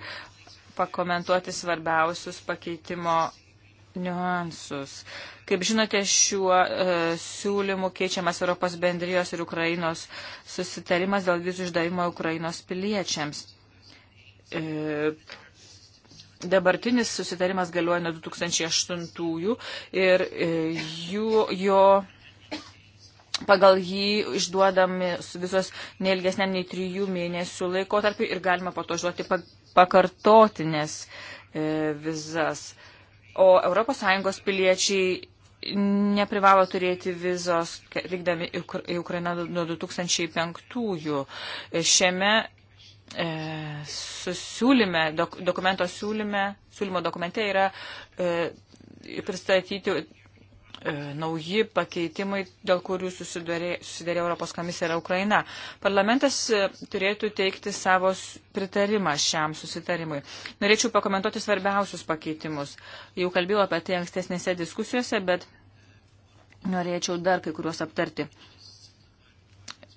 pakomentuoti svarbiausius pakeitimo niuansus. Kaip žinote, šiuo e, siūlymu keičiamas Europos bendrijos ir Ukrainos susitarimas dėl vizų išdavimo Ukrainos piliečiams. E, dabartinis susitarimas galioja nuo 2008 ir e, jų, jo pagal jį išduodami visos neilgesniam nei trijų mėnesių laikotarpį ir galima po to žuoti pakartotinės e, vizas. O ES piliečiai neprivalo turėti vizos vykdami į Ukrainą nuo 2005. E, šiame e, susiūlyme, dok, dokumento siūlyme, siūlymo dokumente yra e, pristatyti e, nauji pakeitimai, dėl kurių susidarė, susidarė Europos komisija ir Ukraina. Parlamentas e, turėtų teikti savo pritarimą šiam susitarimui. Norėčiau pakomentuoti svarbiausius pakeitimus. Jau kalbėjau apie tai ankstesnėse diskusijose, bet norėčiau dar kai kuriuos aptarti.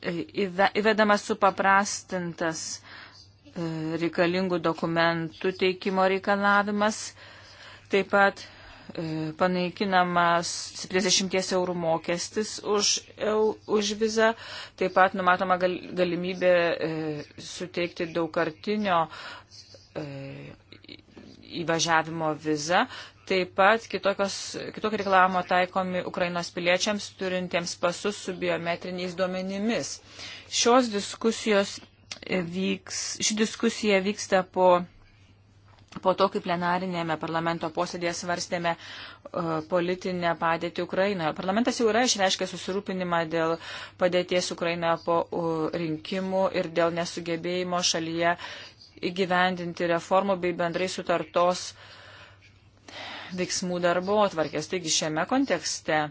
E, įvedamas supaprastintas uh, reikalingų dokumentų teikimo reikalavimas, taip pat e, panaikinamas 70 eurų mokestis už, už vizą, taip pat numatoma gal, galimybė e, suteikti daugkartinio e, įvažiavimo vizą, Taip pat kitokios, kitokio reklamo taikomi Ukrainos piliečiams turintiems pasus su biometriniais duomenimis. Šios diskusijos vyks, ši diskusija vyksta po, po to, kai plenarinėme parlamento posėdėje svarstėme uh, politinę padėtį Ukrainoje. Parlamentas jau yra išreiškę susirūpinimą dėl padėties Ukrainoje po uh, rinkimų ir dėl nesugebėjimo šalyje įgyvendinti reformų bei bendrai sutartos veiksmų darbo atvarkės. Taigi šiame kontekste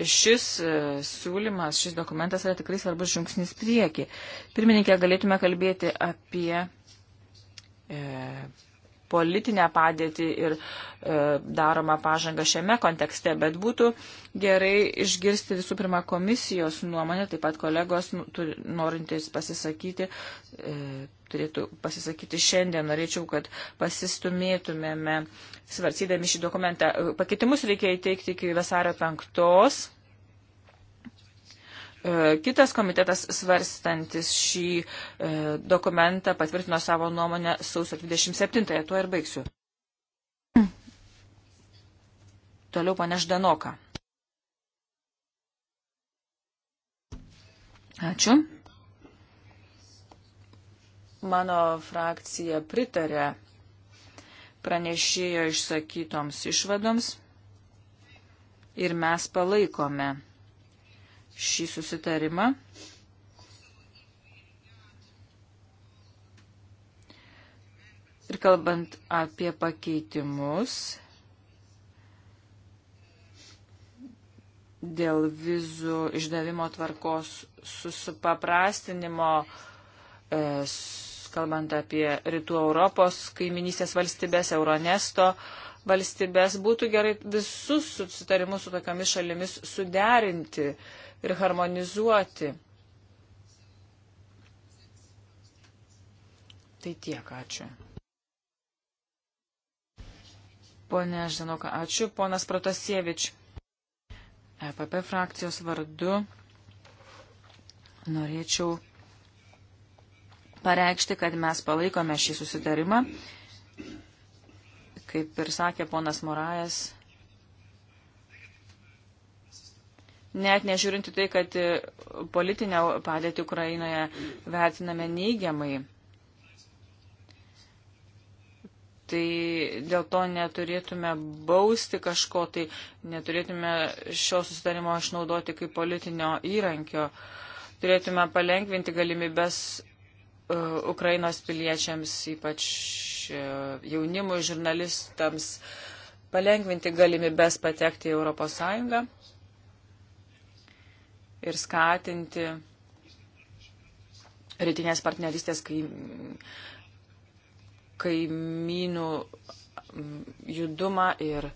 šis e, siūlymas, šis dokumentas yra tikrai svarbus žingsnis prieki. Pirmininkė, galėtume kalbėti apie e, politinę padėtį ir e, daromą pažangą šiame kontekste, bet būtų gerai išgirsti visų pirma komisijos nuomonę, taip pat kolegos nu, turi, norintys pasisakyti, e, turėtų pasisakyti šiandien. Norėčiau, kad pasistumėtumėme svarsydami šį dokumentą. E, pakeitimus reikia įteikti iki vasario penktos. E, kitas komitetas svarstantis šį e, dokumentą patvirtino savo nuomonę sausio 27-ąją. Tuo ir baigsiu. Toliau pane Ždanoka. Ačiū. Mano frakcija pritarė pranešėjo išsakytoms išvadoms ir mes palaikome šį susitarimą. Ir kalbant apie pakeitimus dėl vizų išdavimo tvarkos susupaprastinimo, e, kalbant apie Rytų Europos kaiminystės valstybės, Euronesto valstybės, būtų gerai visus susitarimus su tokiamis šalimis suderinti. Uh, ir harmonizuoti. Tai tiek, ačiū. Pone Ždanoka, ačiū. Ponas Protasievič, EPP frakcijos vardu norėčiau pareikšti, kad mes palaikome šį susitarimą. Kaip ir sakė ponas Morajas, net nežiūrinti tai, kad politinę padėtį Ukrainoje vertiname neigiamai. Tai dėl to neturėtume bausti kažko, tai neturėtume šio susitarimo išnaudoti kaip politinio įrankio. Turėtume palengvinti galimybės e, Ukrainos piliečiams, ypač e, jaunimui, žurnalistams, palengvinti galimybės patekti į ES ir skatinti rytinės partnerystės kaimynų judumą ir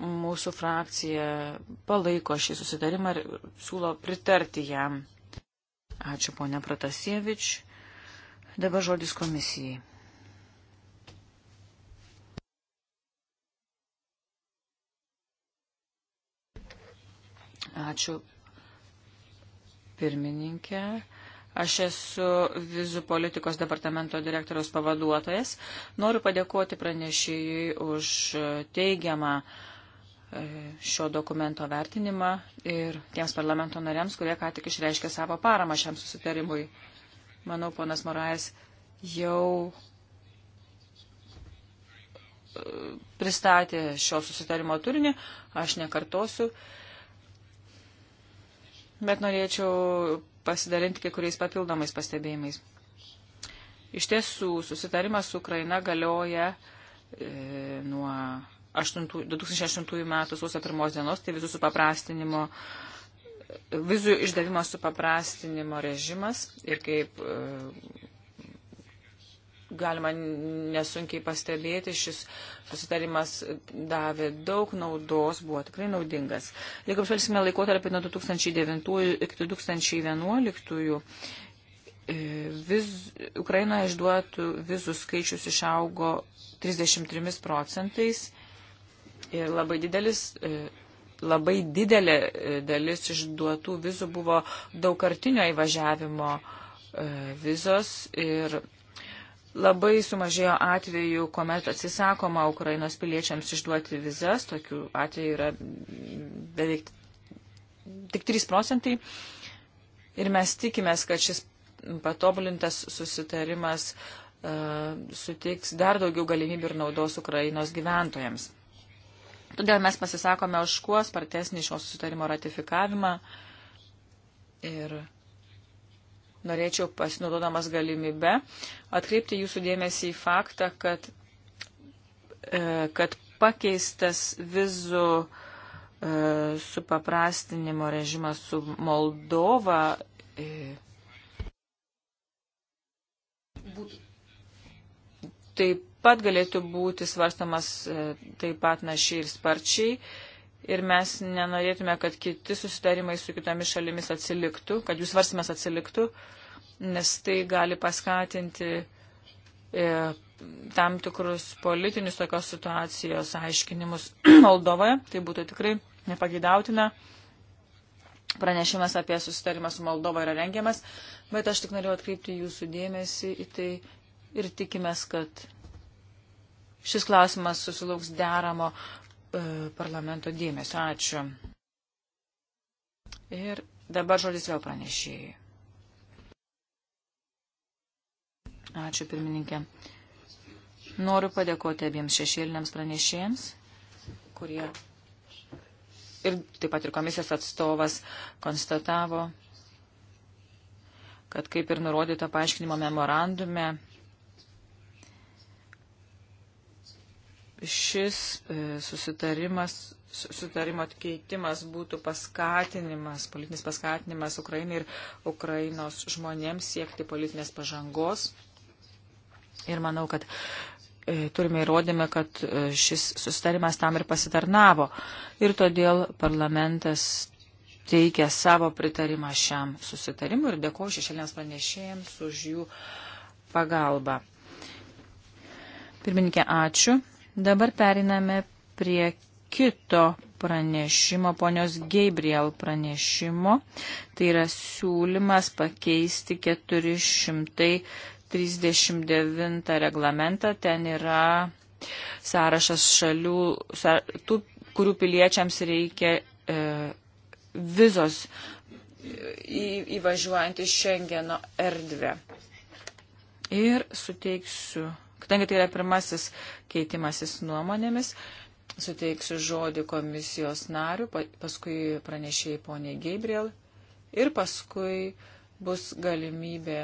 mūsų frakcija palaiko šį susitarimą ir siūlo pritarti jam. Ačiū ponia Pratasievič. Dabar žodis komisijai. Ačiū pirmininkė. Aš esu vizų politikos departamento direktoriaus pavaduotojas. Noriu padėkoti pranešėjui už teigiamą e, šio dokumento vertinimą ir tiems parlamento nariams, kurie ką tik išreiškė savo paramą šiam susitarimui. Manau, ponas Morais jau e, pristatė šio susitarimo turinį, aš nekartosiu bet norėčiau pasidalinti kai kuriais papildomais pastebėjimais. Iš tiesų, susitarimas su Ukraina galioja e, nuo 8, 2008 metų sausio pirmos dienos, tai vizų supaprastinimo, vizų išdavimo supaprastinimo režimas ir kaip e, galima nesunkiai pastebėti, šis susitarimas davė daug naudos, buvo tikrai naudingas. Jeigu apžvelgsime laikotarpį nuo 2009 iki 2011, e, viz, Ukrainoje išduotų vizų skaičius išaugo 33 procentais ir labai didelis. E, labai didelė e, dalis išduotų vizų buvo daugkartinio įvažiavimo vizos ir Labai sumažėjo atvejų, kuomet atsisakoma Ukrainos piliečiams išduoti vizas, tokių atvejų yra beveik tik 3 procentai. Ir mes tikimės, kad šis patobulintas susitarimas uh, suteiks dar daugiau galimybių ir naudos Ukrainos gyventojams. Todėl mes pasisakome už kuo spartesnį šio susitarimo ratifikavimą ir norėčiau pasinaudodamas galimybę atkreipti jūsų dėmesį į faktą, kad, e, kad pakeistas vizų e, supaprastinimo režimas su Moldova e, taip pat galėtų būti svarstamas taip pat našiai ir sparčiai ir mes nenorėtume, kad kiti susitarimai su kitomis šalimis atsiliktų, kad jų svarstymas atsiliktų, nes tai gali paskatinti e, tam tikrus politinius tokios situacijos aiškinimus Moldovoje. Tai būtų tikrai nepagydautina. Pranešimas apie susitarimą su Moldova yra rengiamas, bet aš tik norėjau atkreipti jūsų dėmesį į tai ir tikimės, kad šis klausimas susilauks deramo E, parlamento dėmesio. Ačiū. Ir dabar žodis vėl pranešėjai. Ačiū pirmininkė. Noriu padėkoti abiems šešėliniams pranešėjams, kurie ir taip pat ir komisijos atstovas konstatavo, kad kaip ir nurodyta paaiškinimo memorandume, šis e, susitarimas, susitarimo keitimas būtų paskatinimas, politinis paskatinimas Ukrainai ir Ukrainos žmonėms siekti politinės pažangos. Ir manau, kad e, turime įrodymę, kad e, šis susitarimas tam ir pasitarnavo. Ir todėl parlamentas teikia savo pritarimą šiam susitarimui ir dėkoju šešėlėms pranešėjams už jų pagalbą. Pirmininkė, ačiū. Dabar periname prie kito pranešimo, ponios Gabriel pranešimo. Tai yra siūlymas pakeisti 439 reglamentą. Ten yra sąrašas šalių, sąra, tų, kurių piliečiams reikia e, vizos e, į, įvažiuojant į Šengeno erdvę. Ir suteiksiu kadangi tai yra pirmasis keitimasis nuomonėmis, suteiksiu žodį komisijos nariu, paskui pranešėjai poniai Gabriel ir paskui bus galimybė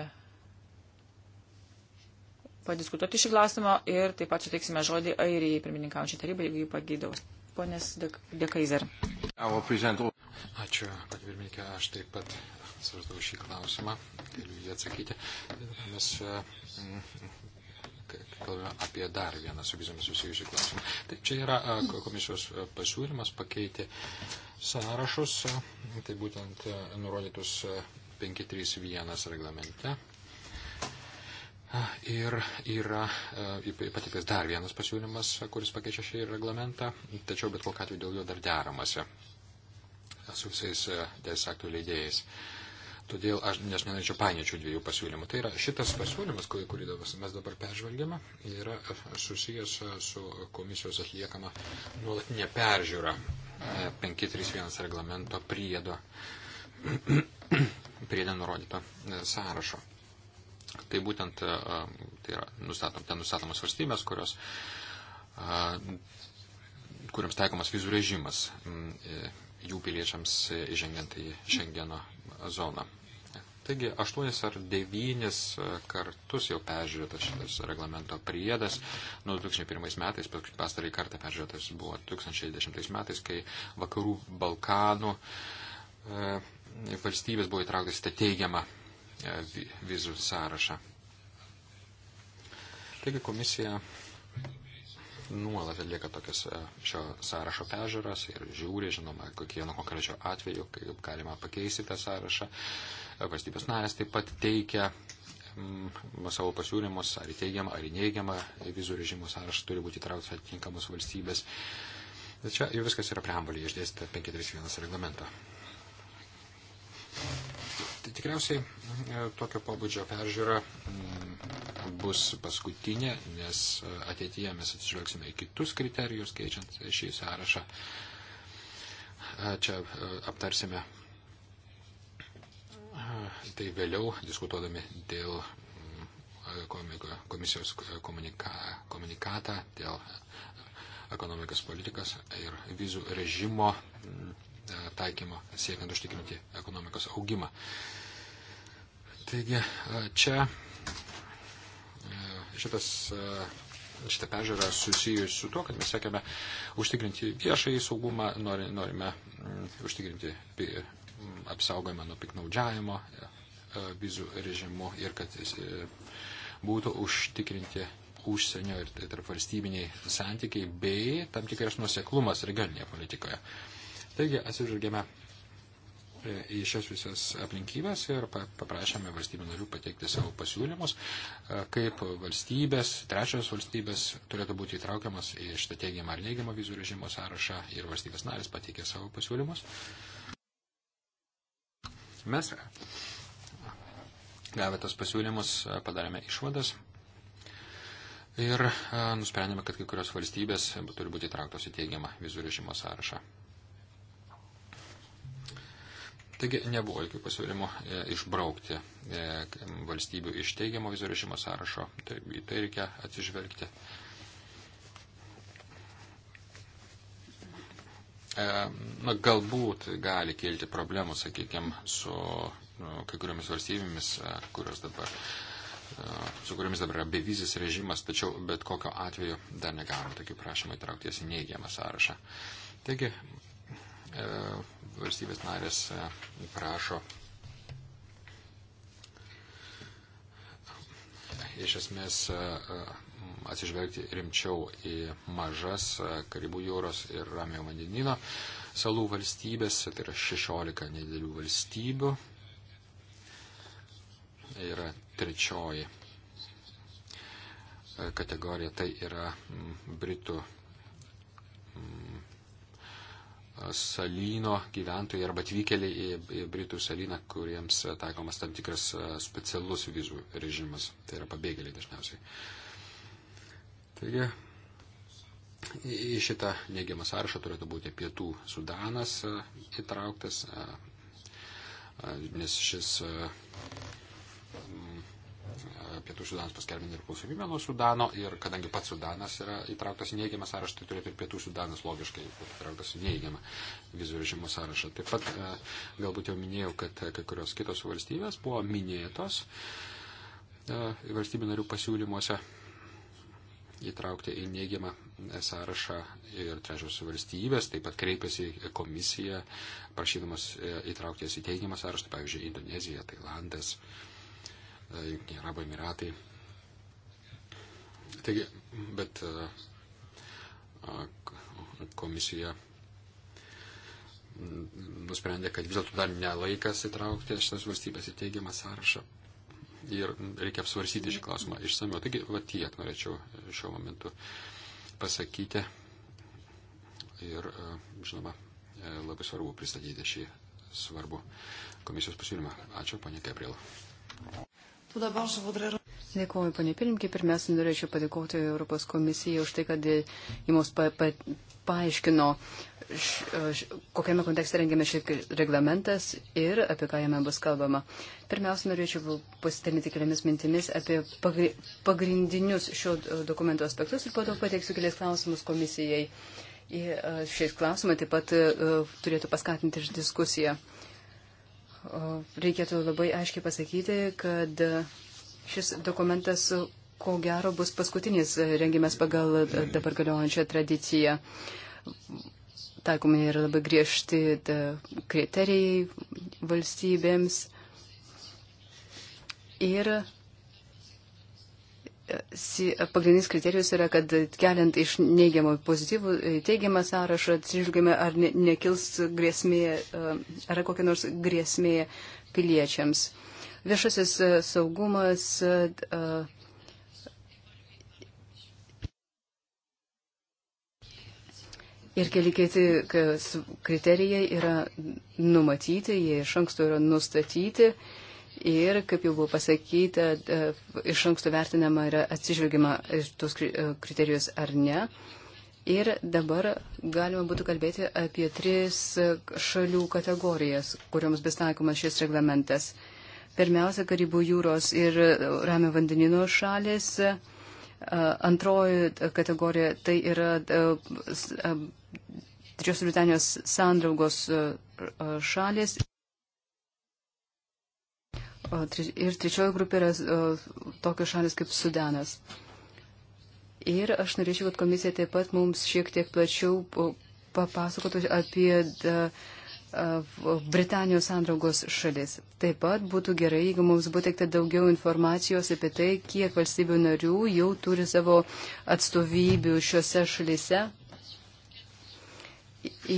padiskutuoti šį klausimą ir taip pat suteiksime žodį airijai pirmininkaujančiai tarybai, jeigu jį pagydaus. Ponės Dekaizer. Ačiū, kad pirmininkė, aš taip pat svarstau šį klausimą, galiu jį atsakyti. Mes kalbame apie dar vieną su vizomis susijusių klausimą. Tai čia yra komisijos pasiūlymas pakeiti sąrašus, tai būtent nurodytus 531 reglamente. Ir yra ypatiktas dar vienas pasiūlymas, kuris pakeičia šį reglamentą, tačiau bet kokiu atveju dėl jo dar deramasi su visais teisės aktų leidėjais. Uh, Todėl aš, aš nenorėčiau paniečių dviejų pasiūlymų. Tai yra šitas pasiūlymas, kurį, kurį mes dabar peržvelgiame, yra susijęs su komisijos atliekama nuolatinė peržiūra 531 e, reglamento priedo, priedė nurodyto e, sąrašo. Tai būtent e, tai yra, nustatom, ten nustatomos valstybės, kurios, kuriams taikomas vizų režimas jų piliečiams įžengiant į Šengeno zoną. Taigi, aštuonis ar devynis kartus jau peržiūrėtas šitas reglamento priedas. Nuo 2001 metais, pastarį kartą peržiūrėtas buvo 2010 metais, kai vakarų Balkanų e, valstybės buvo įtrauktas į tą teigiamą e, vizų sąrašą. Taigi komisija nuolat atlieka tokias e, šio sąrašo pežiūras ir žiūri, žinoma, kiekvieno konkrečio atveju, kaip galima pakeisti tą sąrašą. E, Valstybės narės taip pat teikia mm, savo pasiūlymus, ar į teigiamą, ar į neigiamą vizų režimų sąrašą turi būti įtrauktas atitinkamos valstybės. Bet čia jau viskas yra preambulė išdėstyta 531 reglamento. Tai tikriausiai mm, tokio pobūdžio peržiūra mm, bus paskutinė, nes e, ateityje mes atsižvelgsime į kitus kriterijus, keičiant šį sąrašą. Čia e, aptarsime tai vėliau diskutuodami dėl mm, komisijos komunika, komunikatą, dėl ekonomikos politikas ir vizų režimo mm, e, taikymo siekiant užtikrinti ekonomikos augimą. Taigi e, čia e, šitas, šitą pežiūrą susijusi su tuo, kad mes siekiame užtikrinti viešąjį saugumą, norime, norime mm, užtikrinti apsaugojimą nuo piknaudžiavimo E, vizų režimu ir kad e, būtų užtikrinti užsienio ir tarp valstybiniai santykiai bei tam tikras nuseklumas regioninėje politikoje. Taigi, atsižvelgėme e, į šias visas aplinkybės ir paprašėme valstybių narių pateikti savo pasiūlymus, kaip valstybės, trečios valstybės turėtų būti įtraukiamas į šitą teigiamą ar neigiamą vizų režimo sąrašą ir valstybės narės pateikė savo pasiūlymus. Mes gavę tos pasiūlymus, e, padarėme išvadas ir e, nusprendėme, kad kai kurios valstybės turi būti įtrauktos į teigiamą vizų režimo sąrašą. Taigi nebuvo jokių pasiūlymų e, išbraukti valstybių iš teigiamo vizų režimo sąrašo. Tai, į tai reikia atsižvelgti. Na, galbūt gali kilti problemų, sakykime, su kai kuriomis valstybėmis, e, kurios dabar, e, su kuriomis dabar yra bevizis režimas, tačiau bet kokio atveju dar negalima tokių prašymų įtraukti į neigiamą sąrašą. Taigi, e, valstybės narės prašo iš esmės atsižvelgti rimčiau į mažas Karibų jūros ir Ramio vandenino salų valstybės, tai yra 16 nedėlių valstybių, yra trečioji kategorija, tai yra mm, Britų mm, salyno gyventojai arba atvykėliai į Britų salyną, kuriems taikomas tam tikras e, specialus vizų režimas, tai yra pabėgėliai dažniausiai. Taigi, į šitą neigiamą sąrašą turėtų būti pietų Sudanas e, įtrauktas, e, nes šis Mm, Pietų Sudanas paskelbė nepriklausomybę nuo Sudano ir kadangi pats Sudanas yra įtrauktas į neigiamą sąrašą, tai turėtų ir Pietų Sudanas logiškai įtrauktas į neigiamą vizų režimo sąrašą. Taip pat e, galbūt jau minėjau, kad e, kai kurios kitos valstybės buvo minėtos e, valstybių narių pasiūlymuose įtraukti į neigiamą sąrašą ir trečios valstybės, taip pat kreipėsi komisija, prašydamas įtraukti jas į teigiamą sąrašą, tai pavyzdžiui, Indonezija, Tailandas. Uh, E, Junktiniai Arabų Emiratai. Taigi, bet e, komisija nusprendė, kad vis dėlto dar nelaikas įtraukti šitas valstybės į teigiamą sąrašą. Ir reikia apsvarsyti šį klausimą išsamiau. Taigi, va tiek norėčiau šiuo momentu pasakyti. Ir, e, žinoma, labai svarbu pristatyti šį svarbų komisijos pasiūlymą. Ačiū, ponė Gabriela. Dėkuoju, ponė Pirinkė. Pirmiausia, norėčiau padėkoti Europos komisijai už tai, kad jį mus pa, pa, paaiškino, š, š, kokiame kontekste rengėme šį reglamentas ir apie ką jame bus kalbama. Pirmiausia, norėčiau pasitelinti keliomis mintimis apie pagri, pagrindinius šio dokumento aspektus ir po to pateiksiu kelias klausimus komisijai. Šiais klausimai taip pat uh, turėtų paskatinti ir diskusiją. Uh, reikėtų labai aiškiai pasakyti, kad šis dokumentas ko gero bus paskutinis rengimas pagal dabar galiojančią tradiciją. Taikomi yra labai griežti kriterijai valstybėms. Ir pagrindinis kriterijus yra, kad keliant iš neigiamą pozityvų teigiamą sąrašą, atsižvelgiame, ar ne, nekils grėsmė, e, ar kokia nors grėsmė piliečiams. Viešasis e, saugumas. E, ir keli kiti kriterijai yra numatyti, jie iš anksto yra nustatyti. Uh, ir, kaip jau buvo pasakyta, e, iš anksto vertinama yra atsižvelgiama tuos e, kriterijus ar ne. Ir dabar galima būtų kalbėti apie tris šalių kategorijas, kuriuoms bus taikomas šis reglamentas. Pirmiausia, Karibų jūros ir Ramio vandenino šalis. E, antroji kategorija tai yra Didžiosios Britanijos sandraugos šalis. Ir trečioji grupė yra tokios šalis kaip Sudanas. Ir aš norėčiau, kad komisija taip pat mums šiek tiek plačiau papasakotų apie Britanijos sandraugos šalis. Taip pat būtų gerai, jeigu mums būtų teikta daugiau informacijos apie tai, kiek valstybių narių jau turi savo atstovybių šiuose šalise.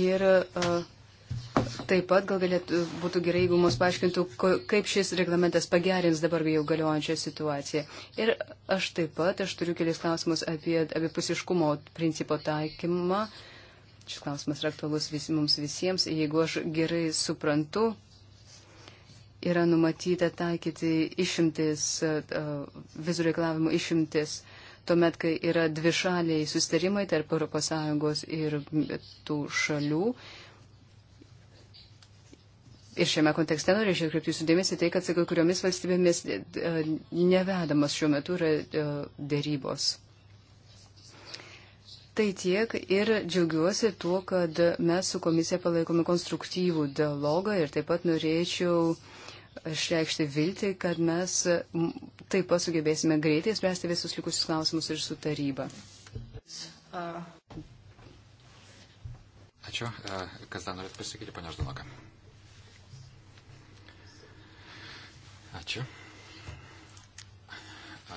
Ir uh, Taip pat gal galėtų, e, būtų gerai, jeigu mus paaiškintų, kaip šis reglamentas pagerins dabar jau galiojančią situaciją. Ir aš taip pat, aš turiu kelias klausimus apie abipusiškumo principo taikymą. Šis klausimas yra aktualus vis, mums visiems. Jeigu aš gerai suprantu, yra numatyta taikyti išimtis, e, e, vizų reikalavimų išimtis, tuomet, kai yra dvišaliai sustarimai tarp ES ir tų šalių. Ir šiame kontekste norėčiau kreipti jūsų dėmesį tai, kad su kai kuriomis valstybėmis e, e, nevedamas šiuo metu yra e, dėrybos. Tai tiek ir džiaugiuosi tuo, kad mes su komisija palaikome konstruktyvų dialogą ir taip pat norėčiau išreikšti viltį, kad mes taip pat sugebėsime greitai spręsti visus likusius klausimus ir su taryba. Ačiū. Kas dar norėtų pasakyti, ponia Ždanoka? Ačiū.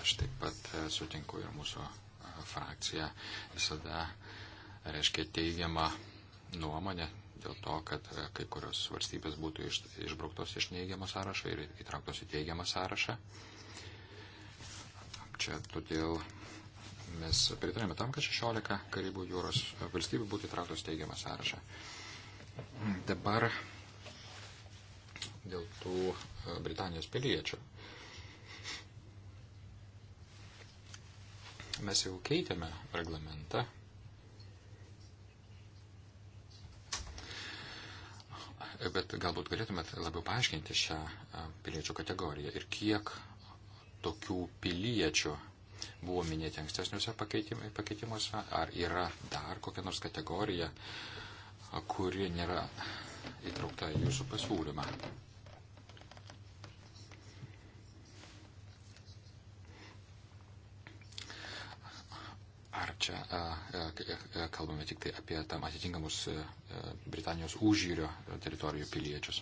Aš taip pat e, sutinku ir mūsų e, frakcija visada reiškia teigiamą nuomonę dėl to, kad e, kai kurios valstybės būtų iš, išbrauktos iš neigiamą sąrašą ir įtrauktos į teigiamą sąrašą. Čia todėl mes pritarėme tam, kad 16 Karibų jūros valstybių būtų įtrauktos teigiamą sąrašą. Dabar dėl tų e, Britanijos piliečių. Mes jau keitėme reglamentą. Bet galbūt galėtumėt labiau paaiškinti šią e, piliečių kategoriją ir kiek tokių piliečių buvo minėti ankstesniuose pakeitimuose, ar yra dar kokia nors kategorija, kuri nėra įtraukta į jūsų pasiūlymą. Ar čia kalbame tik tai apie tam atitinkamus Britanijos užjūrio teritorijų piliečius?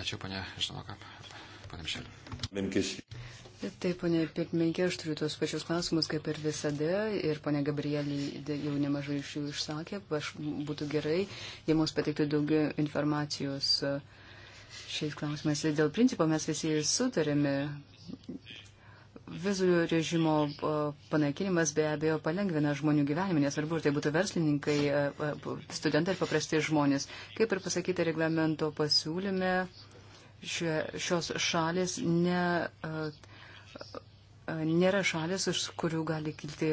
Ačiū, ponė Žinoka. Pane Mišelė. Taip, ponė pirmininkė, aš turiu tos pačius klausimus kaip ir visada ir ponė Gabrielį jau nemažai iš jų išsakė. Aš būtų gerai, jei mums pateiktų daugiau informacijos šiais klausimais. Dėl principo mes visi sutarėme vizų režimo e, panaikinimas be abejo palengvina žmonių gyvenimą, nesvarbu, ar tai būtų verslininkai, e, e, studentai ar paprasti žmonės. Kaip ir pasakyta reglamento pasiūlyme, šios šalis ne, nėra šalis, iš kurių gali kilti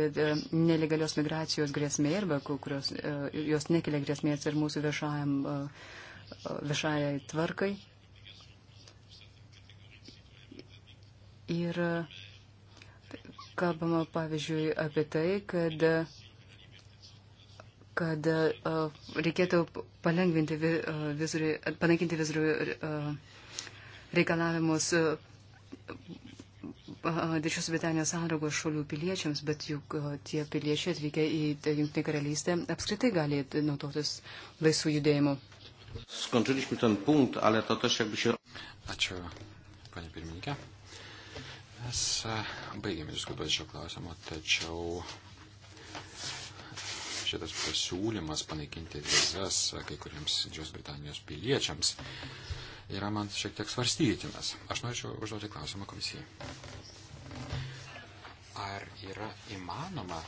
nelegalios migracijos grėsmė arba kurios jos nekelia grėsmės ir mūsų viešajam, viešajai tvarkai. Ir uh, kalbama pavyzdžiui apie tai, kad, kad uh, reikėtų palengvinti vi, uh, vizurių, panaikinti vizurių uh, reikalavimus uh, Didžiosios Britanijos sąlygos šalių piliečiams, bet juk tie piliečiai atvykę į Junktinę karalystę apskritai gali naudotis laisvų judėjimų. Skończyliśmy ten punkt, ale to też jakby się... Ačiū, panie pirmininkė. Mes e, baigėme diskutuoti šio klausimo, tačiau šitas pasiūlymas panaikinti vizas e, kai kuriems Didžios Britanijos piliečiams yra man šiek tiek svarstytinas. Aš norėčiau užduoti klausimą komisijai. Ar yra įmanoma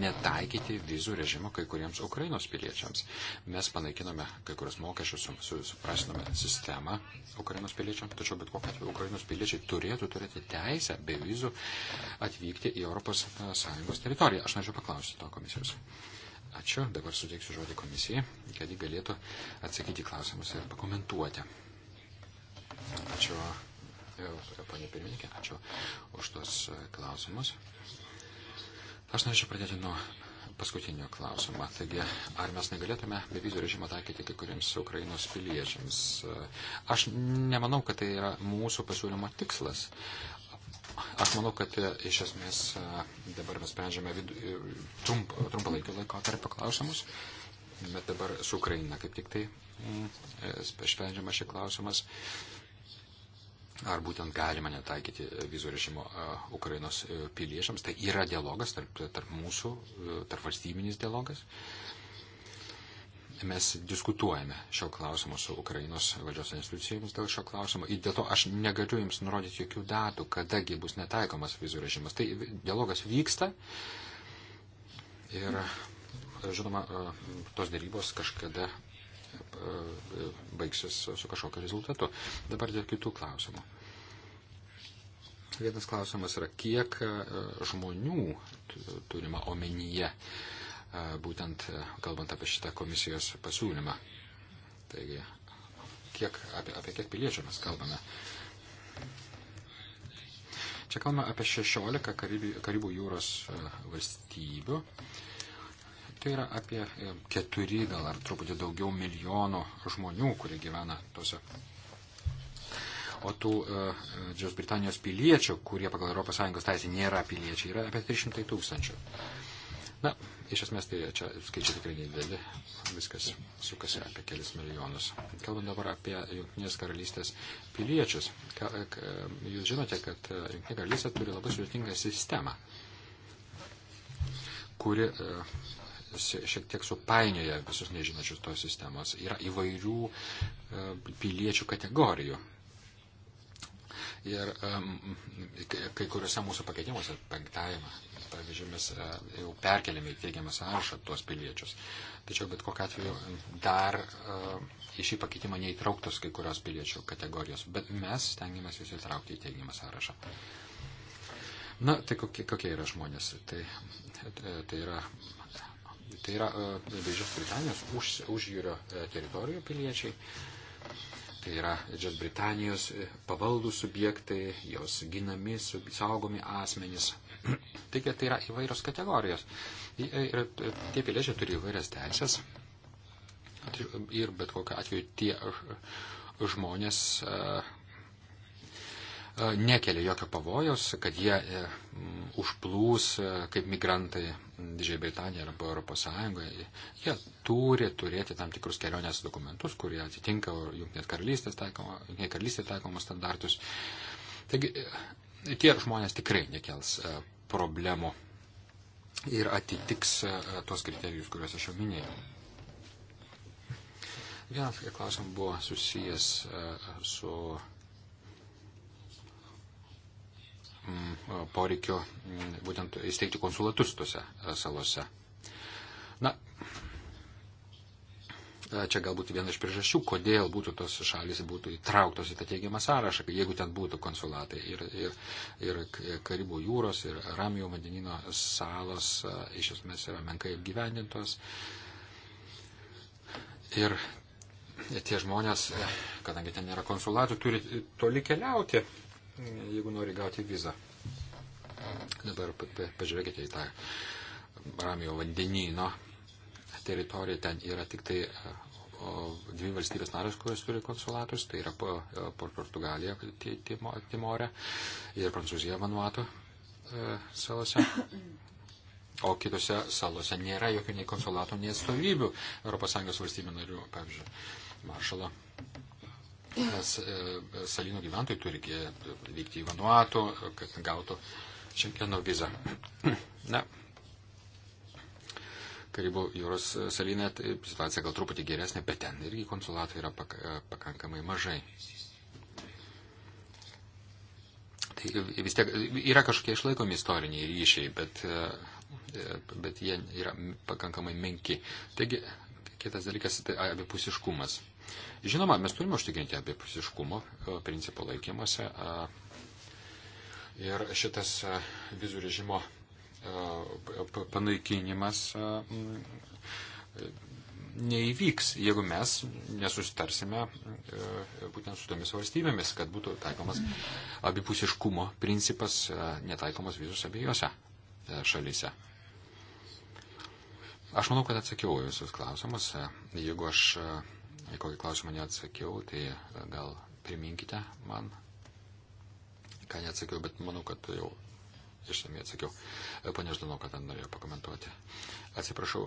netaikyti vizų režimo kai kuriems Ukrainos piliečiams. Mes panaikinome kai kurios mokesčius, suprastinome sistemą Ukrainos piliečiams, tačiau bet kokiu atveju Ukrainos piliečiai turėtų turėti teisę be vizų atvykti į ES e, teritoriją. Aš norėčiau paklausyti to komisijos. Ačiū, dabar suteiksiu žodį komisijai, kad ji galėtų atsakyti klausimus ir pakomentuoti. Ačiū, e, e, ponė pirmininkė, ačiū už tos klausimus. Aš norėčiau pradėti nuo paskutinio klausimo. Taigi, ar mes negalėtume bevizų režimą taikyti kai kuriems Ukrainos piliečiams? Aš nemanau, kad tai yra mūsų pasiūlymo tikslas. Aš manau, kad e, iš esmės e, dabar mes sprendžiame e, trump, trumpalaikio laiko tarp klausimus, bet dabar su Ukraina kaip tik tai mm, sprendžiama šį klausimas ar būtent galima netaikyti vizų režimo e, Ukrainos e, piliečiams. Tai yra dialogas tarp, tarp mūsų, e, tarp valstybinis dialogas. Mes diskutuojame šio klausimo su Ukrainos valdžios institucijomis dėl šio klausimo. Ir dėl to aš negaliu Jums nurodyti jokių datų, kadagi bus netaikomas vizų režimas. Tai dialogas vyksta. Ir, žinoma, tos dėrybos kažkada E, baigsis su kažkokiu rezultatu. Dabar dėl kitų klausimų. Vienas klausimas yra, kiek e, žmonių turima omenyje, e, būtent kalbant apie šitą komisijos pasiūlymą. Taigi, kiek, apie, apie kiek piliečių mes kalbame. Čia kalbame apie 16 Karibų, Karibų jūros valstybių. Uh, Tai yra apie e, keturi, gal ar truputį daugiau milijonų žmonių, kurie gyvena tose. O tų uh, e, e, Džiaus Britanijos piliečių, kurie pagal ES teisę nėra piliečiai, yra apie 300 tūkstančių. Na, iš esmės tai čia skaičiai tikrai nedideli, viskas sukasi apie kelis milijonus. Kalbant dabar apie Junktinės karalystės piliečius, ka, ka, jūs žinote, kad Junktinė karalystė turi labai sudėtingą sistemą, kuri e, šiek tiek supainioja visus nežinančius tos sistemos. Yra įvairių e, piliečių kategorijų. Ir um, kai kuriuose mūsų pakeitimuose, penktajame, pavyzdžiui, mes uh, jau perkeliame į teigiamą sąrašą tuos piliečius. Tačiau bet kokiu atveju dar uh, į šį pakeitimą neįtrauktos kai kurios piliečių kategorijos, bet mes stengiamės jūs įtraukti į teigiamą sąrašą. Na, tai kokie, kokie yra žmonės? Tai, tai yra tai yra e, Didžiosios Britanijos už, užjūrio e, teritorijų piliečiai, tai yra Didžiosios Britanijos e, pavaldų subjektai, jos ginami, saugomi asmenys. Taigi tai yra įvairios kategorijos. Ir tie piliečiai turi įvairias teisės. Ir bet kokiu atveju tie žmonės nekelia jokio pavojaus, kad jie užplūs kaip migrantai Didžiai Britanija arba Europos Sąjungoje, jie turi turėti tam tikrus kelionės dokumentus, kurie atitinka Junktinės karalystės taikomo, karalystės taikomus standartus. Taigi tie žmonės tikrai nekels e, problemų ir atitiks e, tuos kriterijus, kuriuos aš jau minėjau. Vienas klausimas buvo susijęs e, su Mm, poreikio mm, būtent įsteigti konsulatus tose e, salose. Na, e, čia galbūt viena iš priežasčių, kodėl būtų tos šalis būtų įtrauktos į tą teigiamą sąrašą, jeigu ten būtų konsulatai ir, ir, ir Karibų jūros, ir Ramijų vandenino salos e, iš esmės yra menkai apgyvendintos. Ir tie žmonės, kadangi ten nėra konsulatų, turi toli keliauti jeigu nori gauti vizą. Dabar pažiūrėkite į tą Ramijo vandenyno teritoriją. Ten yra tik tai dvi valstybės narės, kurios turi konsulatus. Tai yra e, Portugalija, Timorė ir Prancūzija, Vanuato e, salose. O kitose salose nėra jokių nei konsulatų, nei atstovybių ES valstybių narių, pavyzdžiui, maršalo nes e, salynų gyventojai turi e, vykti į Vanuatų, e, kad gautų Šenkeno vizą. Na, Karibų jūros salynė tai situacija gal truputį geresnė, bet ten irgi konsulatų yra pak pakankamai mažai. Tai vis tiek yra kažkokie išlaikomi istoriniai ryšiai, bet, bet jie yra pakankamai menki. Taigi, kitas dalykas tai abipusiškumas. Žinoma, mes turime užtikrinti abipusiškumo e, principų laikymuose e, ir šitas e, vizų režimo panaikinimas neįvyks, jeigu mes nesusitarsime būtent su tomis valstybėmis, kad būtų taikomas abipusiškumo principas, netaikomas visus abiejose šalyse. Aš manau, kad atsakiau visus klausimus. Jeigu aš į kokį klausimą neatsakiau, tai e, gal priminkite man, ką neatsakiau, bet manau, kad jau išsamei atsakiau. Pane Ždanoka ten norėjo pakomentuoti. Atsiprašau,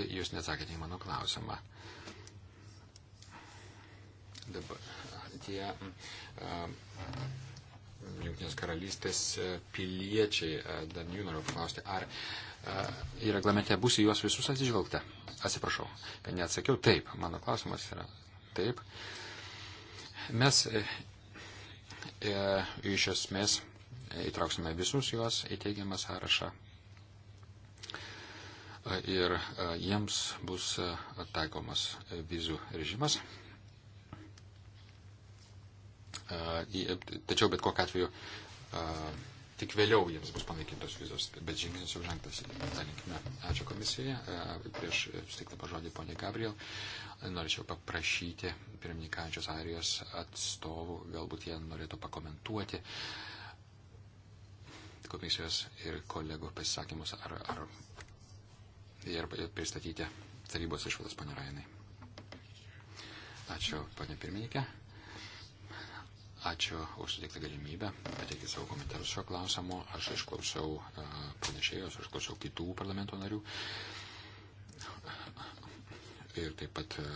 e, jūs neatsakėte į mano klausimą. Dabar e, tie. Uh, Junktinės karalystės e, piliečiai, e, dar jų noriu paklausti, ar e, į reglamente bus į juos visus atsižvelgta? Atsiprašau, kad neatsakiau. Taip, mano klausimas yra taip. Mes e, iš esmės įtrauksime visus juos į teigiamą sąrašą ir jiems bus taikomas vizų režimas tačiau bet kokiu atveju tik vėliau jiems bus panaikintos vizos, bet žingsnis jau žengtas tą linkme. Ačiū komisija. Prieš sutikdama žodį ponė Gabriel, norėčiau paprašyti pirmininkančios Airijos atstovų, galbūt jie norėtų pakomentuoti komisijos ir kolegų pasisakymus ar, ar ir pristatyti tarybos išvadas, ponė Rainai. Ačiū, ponė pirmininkė. Ačiū už suteiktą galimybę pateikti savo komentarus šio klausimo. Aš išklausiau e, pranešėjos, aš klausiau kitų parlamento narių. Ir taip pat e,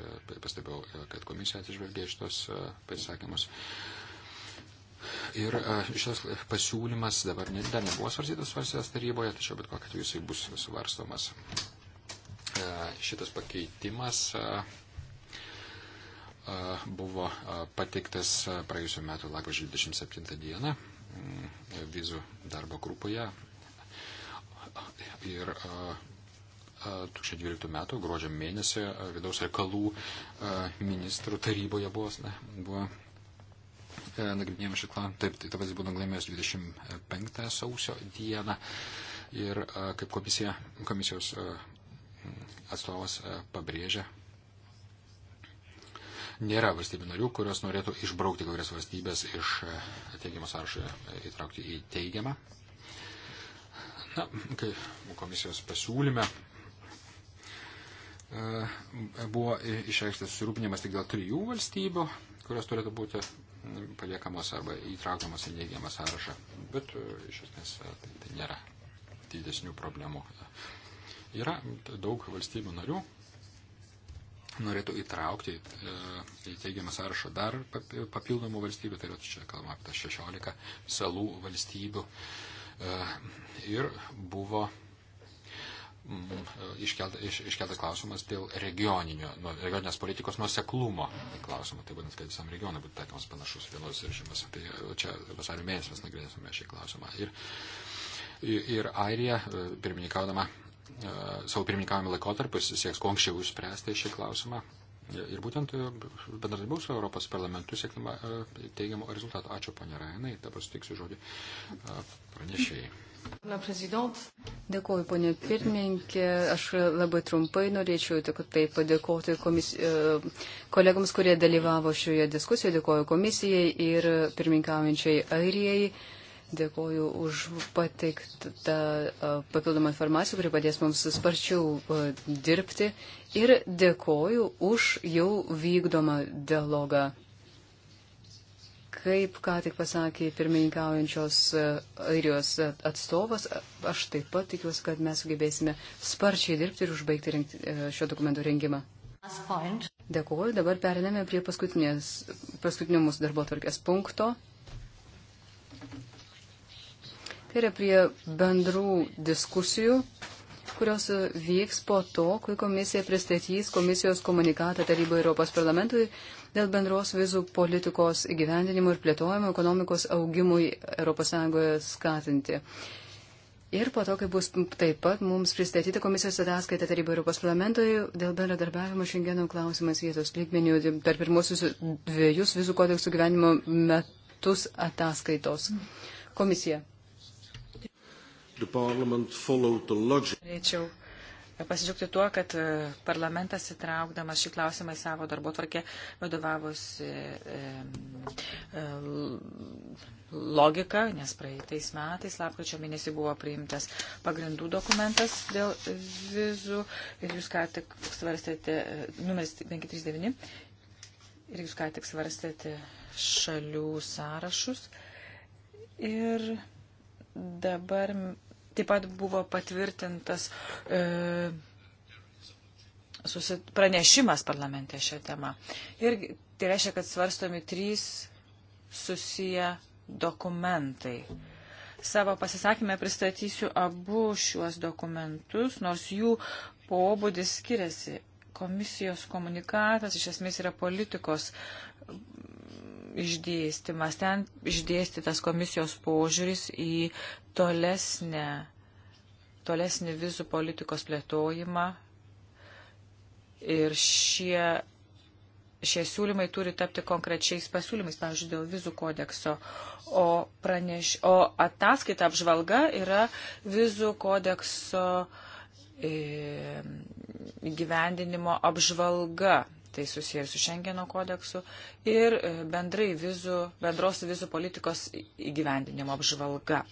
e, pastebėjau, kad komisija atsižvelgė šitos pasisakymus. Ir šitas pasiūlymas dabar ne, dar nebuvo svarstytas svarstytas taryboje, tačiau bet kokia atveju jisai bus svarstomas. Šitas pakeitimas buvo pateiktas praėjusiu metu lakvažį 27 dieną mm, vizų darbo grupoje ir 2012 metų gruodžio mėnesį vidaus reikalų ministrų taryboje buvo, ne, buvo nagrinėjama šį klausimą. Taip, tai tavas buvo nagrinėjamas 25 sausio dieną. Ir kaip komisija, komisijos atstovas pabrėžia, Nėra valstybių narių, kurios norėtų išbraukti kai kurias valstybės iš e, teigiamo sąrašo e, įtraukti į teigiamą. Na, kai komisijos pasiūlyme e, buvo išreikštas susirūpinimas tik dėl trijų valstybių, kurios turėtų būti paliekamos arba įtraukiamos į neigiamą sąrašą. Bet iš esmės tai, tai nėra didesnių problemų. Yra daug valstybių narių, norėtų įtraukti e, į teigiamą sąrašą dar papildomų valstybių, tai yra čia kalbama apie 16 salų valstybių. E, ir buvo mm, e, iškeltas, iš, iškeltas klausimas dėl regioninės politikos nuoseklumo klausimo, tai būtent, kad visam regionui būtų taikomas panašus vienos režimas. Tai čia vasario mėnesį mes nagrinėsime šį klausimą. Ir, ir Airija, pirmininkaudama savo pirmininkavimo laikotarpiu sieks kuo anksčiau išspręsti šį klausimą. Ir būtent e, bendradarbiaus su Europos parlamentu siekdama e, teigiamo rezultato. Ačiū, ponia Rainai. Dabar sutiksiu žodį e, pranešėjai. Dėkuoju, ponė pirmininkė. Aš labai trumpai norėčiau tik tai padėkoti komis, kolegams, kurie dalyvavo šioje diskusijoje. Dėkuoju komisijai ir pirmininkaujančiai Airijai. Dėkoju už pateiktą papildomą informaciją, kuri padės mums sparčiau dirbti. Ir dėkoju už jau vykdomą dialogą. Kaip ką tik pasakė pirmininkaujančios airijos atstovas, aš taip pat tikiuosi, kad mes sugebėsime sparčiai dirbti ir užbaigti rinkti, šio dokumento rengimą. Dėkuoju, dabar periname prie paskutinio mūsų darbo tvarkės punkto. Tai yra prie bendrų diskusijų, kurios vyks po to, kai komisija pristatys komisijos komunikatą tarybai Europos parlamentui dėl bendros vizų politikos įgyvendinimo ir plėtojimo ekonomikos augimui ES skatinti. Ir po to, kai bus taip pat mums pristatyti komisijos ataskaita tarybai Europos parlamentoj dėl bendradarbiavimo šiandienų klausimas vietos lygmenių per pirmosius dviejus vizų kodeksų gyvenimo metus ataskaitos. Komisija. Norėčiau pasidžiaugti tuo, kad e, parlamentas įtraukdamas šį klausimą į savo darbo tvarkę vadovavosi e, e, logika, nes praeitais metais, lapkričio mėnesį buvo priimtas pagrindų dokumentas dėl vizų ir jūs ką tik svarstėte, numeris 539, ir jūs ką tik svarstėte šalių sąrašus. Ir dabar Taip pat buvo patvirtintas e, susit, pranešimas parlamente šią temą. Ir tai reiškia, kad svarstomi trys susiję dokumentai. Savo pasisakymę pristatysiu abu šiuos dokumentus, nors jų pobūdis skiriasi. Komisijos komunikatas iš esmės yra politikos išdėstymas. Ten išdėstytas komisijos požiūris į tolesnę, tolesnį vizų politikos plėtojimą ir šie, šie siūlymai turi tapti konkrečiais pasiūlymais, pavyzdžiui, dėl vizų kodekso, o, praneš, o ataskaita apžvalga yra vizų kodekso e, įgyvendinimo apžvalga, tai susijęs su Šengeno kodeksu, ir e, bendrai vizų, bendros vizų politikos įgyvendinimo apžvalga.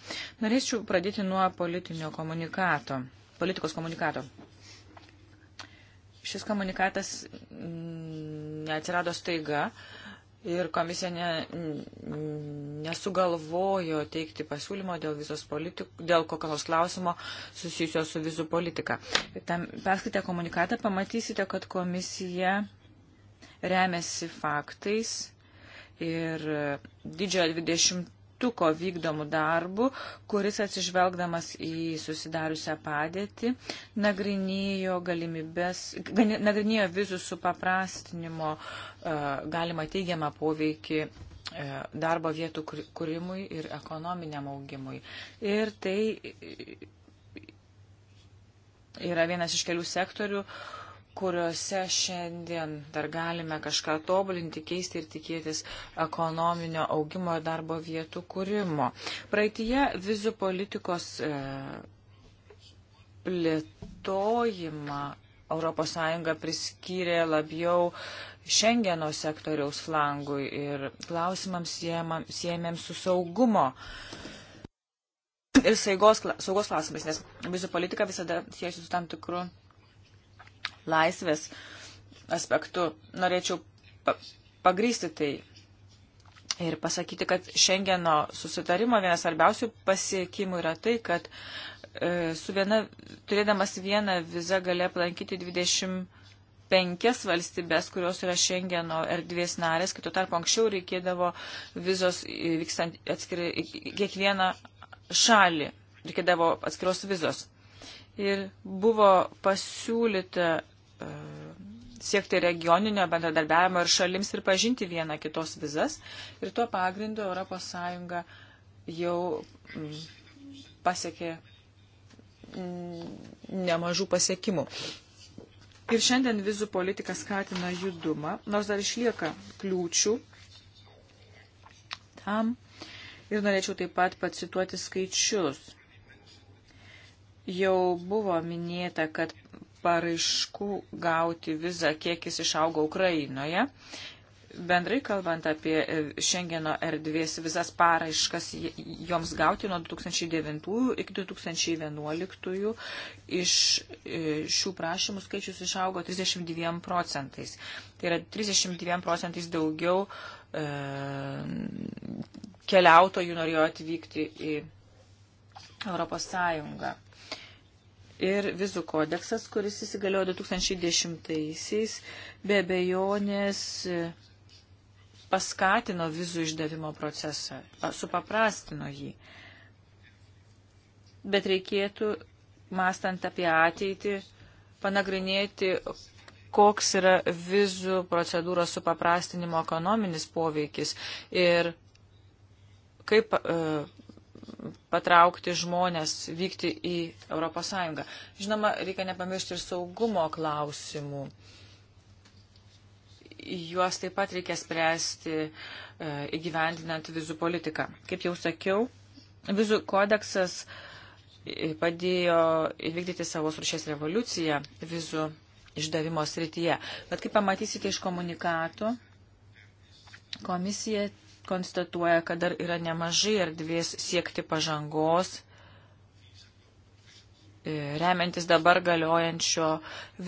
Norėčiau pradėti nuo politinio komunikato, politikos komunikato. Šis komunikatas mm, neatsirado staiga ir komisija ne, nesugalvojo teikti pasiūlymo dėl, politik, dėl kokios klausimo susijusio su vizų politika. Tam perskaitę komunikatą pamatysite, kad komisija remiasi faktais ir didžiojo 20-tuko vykdomų darbų, kuris atsižvelgdamas į susidariusią padėtį nagrinėjo galimybės, nagrinėjo vizų supaprastinimo e, galima teigiamą poveikį e, darbo vietų kūrimui ir ekonominiam augimui. Ir tai e, yra vienas iš kelių sektorių, kuriuose šiandien dar galime kažką tobulinti, keisti ir tikėtis ekonominio augimo ir darbo vietų kūrimo. Praeitie vizų politikos e, plėtojimą ES priskyrė labiau Šengeno sektoriaus flangui ir klausimams siejamėm su saugumo ir saugos, saugos klausimais, nes vizų politika visada siejasi su tam tikru laisvės aspektu. Norėčiau pagrysti tai ir pasakyti, kad Šengeno susitarimo vienas svarbiausių pasiekimų yra tai, kad e, su viena, turėdamas vieną vizą gali aplankyti 25 valstybės, kurios yra Šengeno erdvės narės, kitų tarp anksčiau reikėdavo vizos vykstant atskirai kiekvieną šalį, reikėdavo atskiros vizos ir buvo pasiūlyta e, siekti regioninio bendradarbiavimo ir šalims ir pažinti vieną kitos vizas. Ir tuo pagrindu ES jau mm, pasiekė mm, nemažų pasiekimų. Ir šiandien vizų politika skatina judumą, nors dar išlieka kliūčių tam. Ir norėčiau taip pat pacituoti skaičius. Jau buvo minėta, kad paraiškų gauti vizą kiekis išaugo Ukrainoje. Bendrai kalbant apie Šengeno erdvės visas paraiškas, joms gauti nuo 2009 iki 2011 iš e, šių prašymų skaičius išaugo 32 procentais. Tai yra 32 procentais daugiau e, keliautojų norėjo atvykti į Europos Sąjungą ir vizų kodeksas, kuris įsigaliojo 2010-aisiais, be bejonės e, paskatino vizų išdavimo procesą, supaprastino jį. Bet reikėtų, mastant apie ateitį, panagrinėti, koks yra vizų procedūros supaprastinimo ekonominis poveikis ir kaip uh, patraukti žmonės vykti į ES. Žinoma, reikia nepamiršti ir saugumo klausimų. Juos taip pat reikia spręsti e, įgyvendinant vizų politiką. Kaip jau sakiau, vizų kodeksas e, padėjo įvykdyti savo rušės revoliuciją vizų išdavimo srityje. Bet kaip pamatysite iš komunikatų, komisija konstatuoja, kad dar yra nemažai erdvės siekti pažangos, e, remiantis dabar galiojančio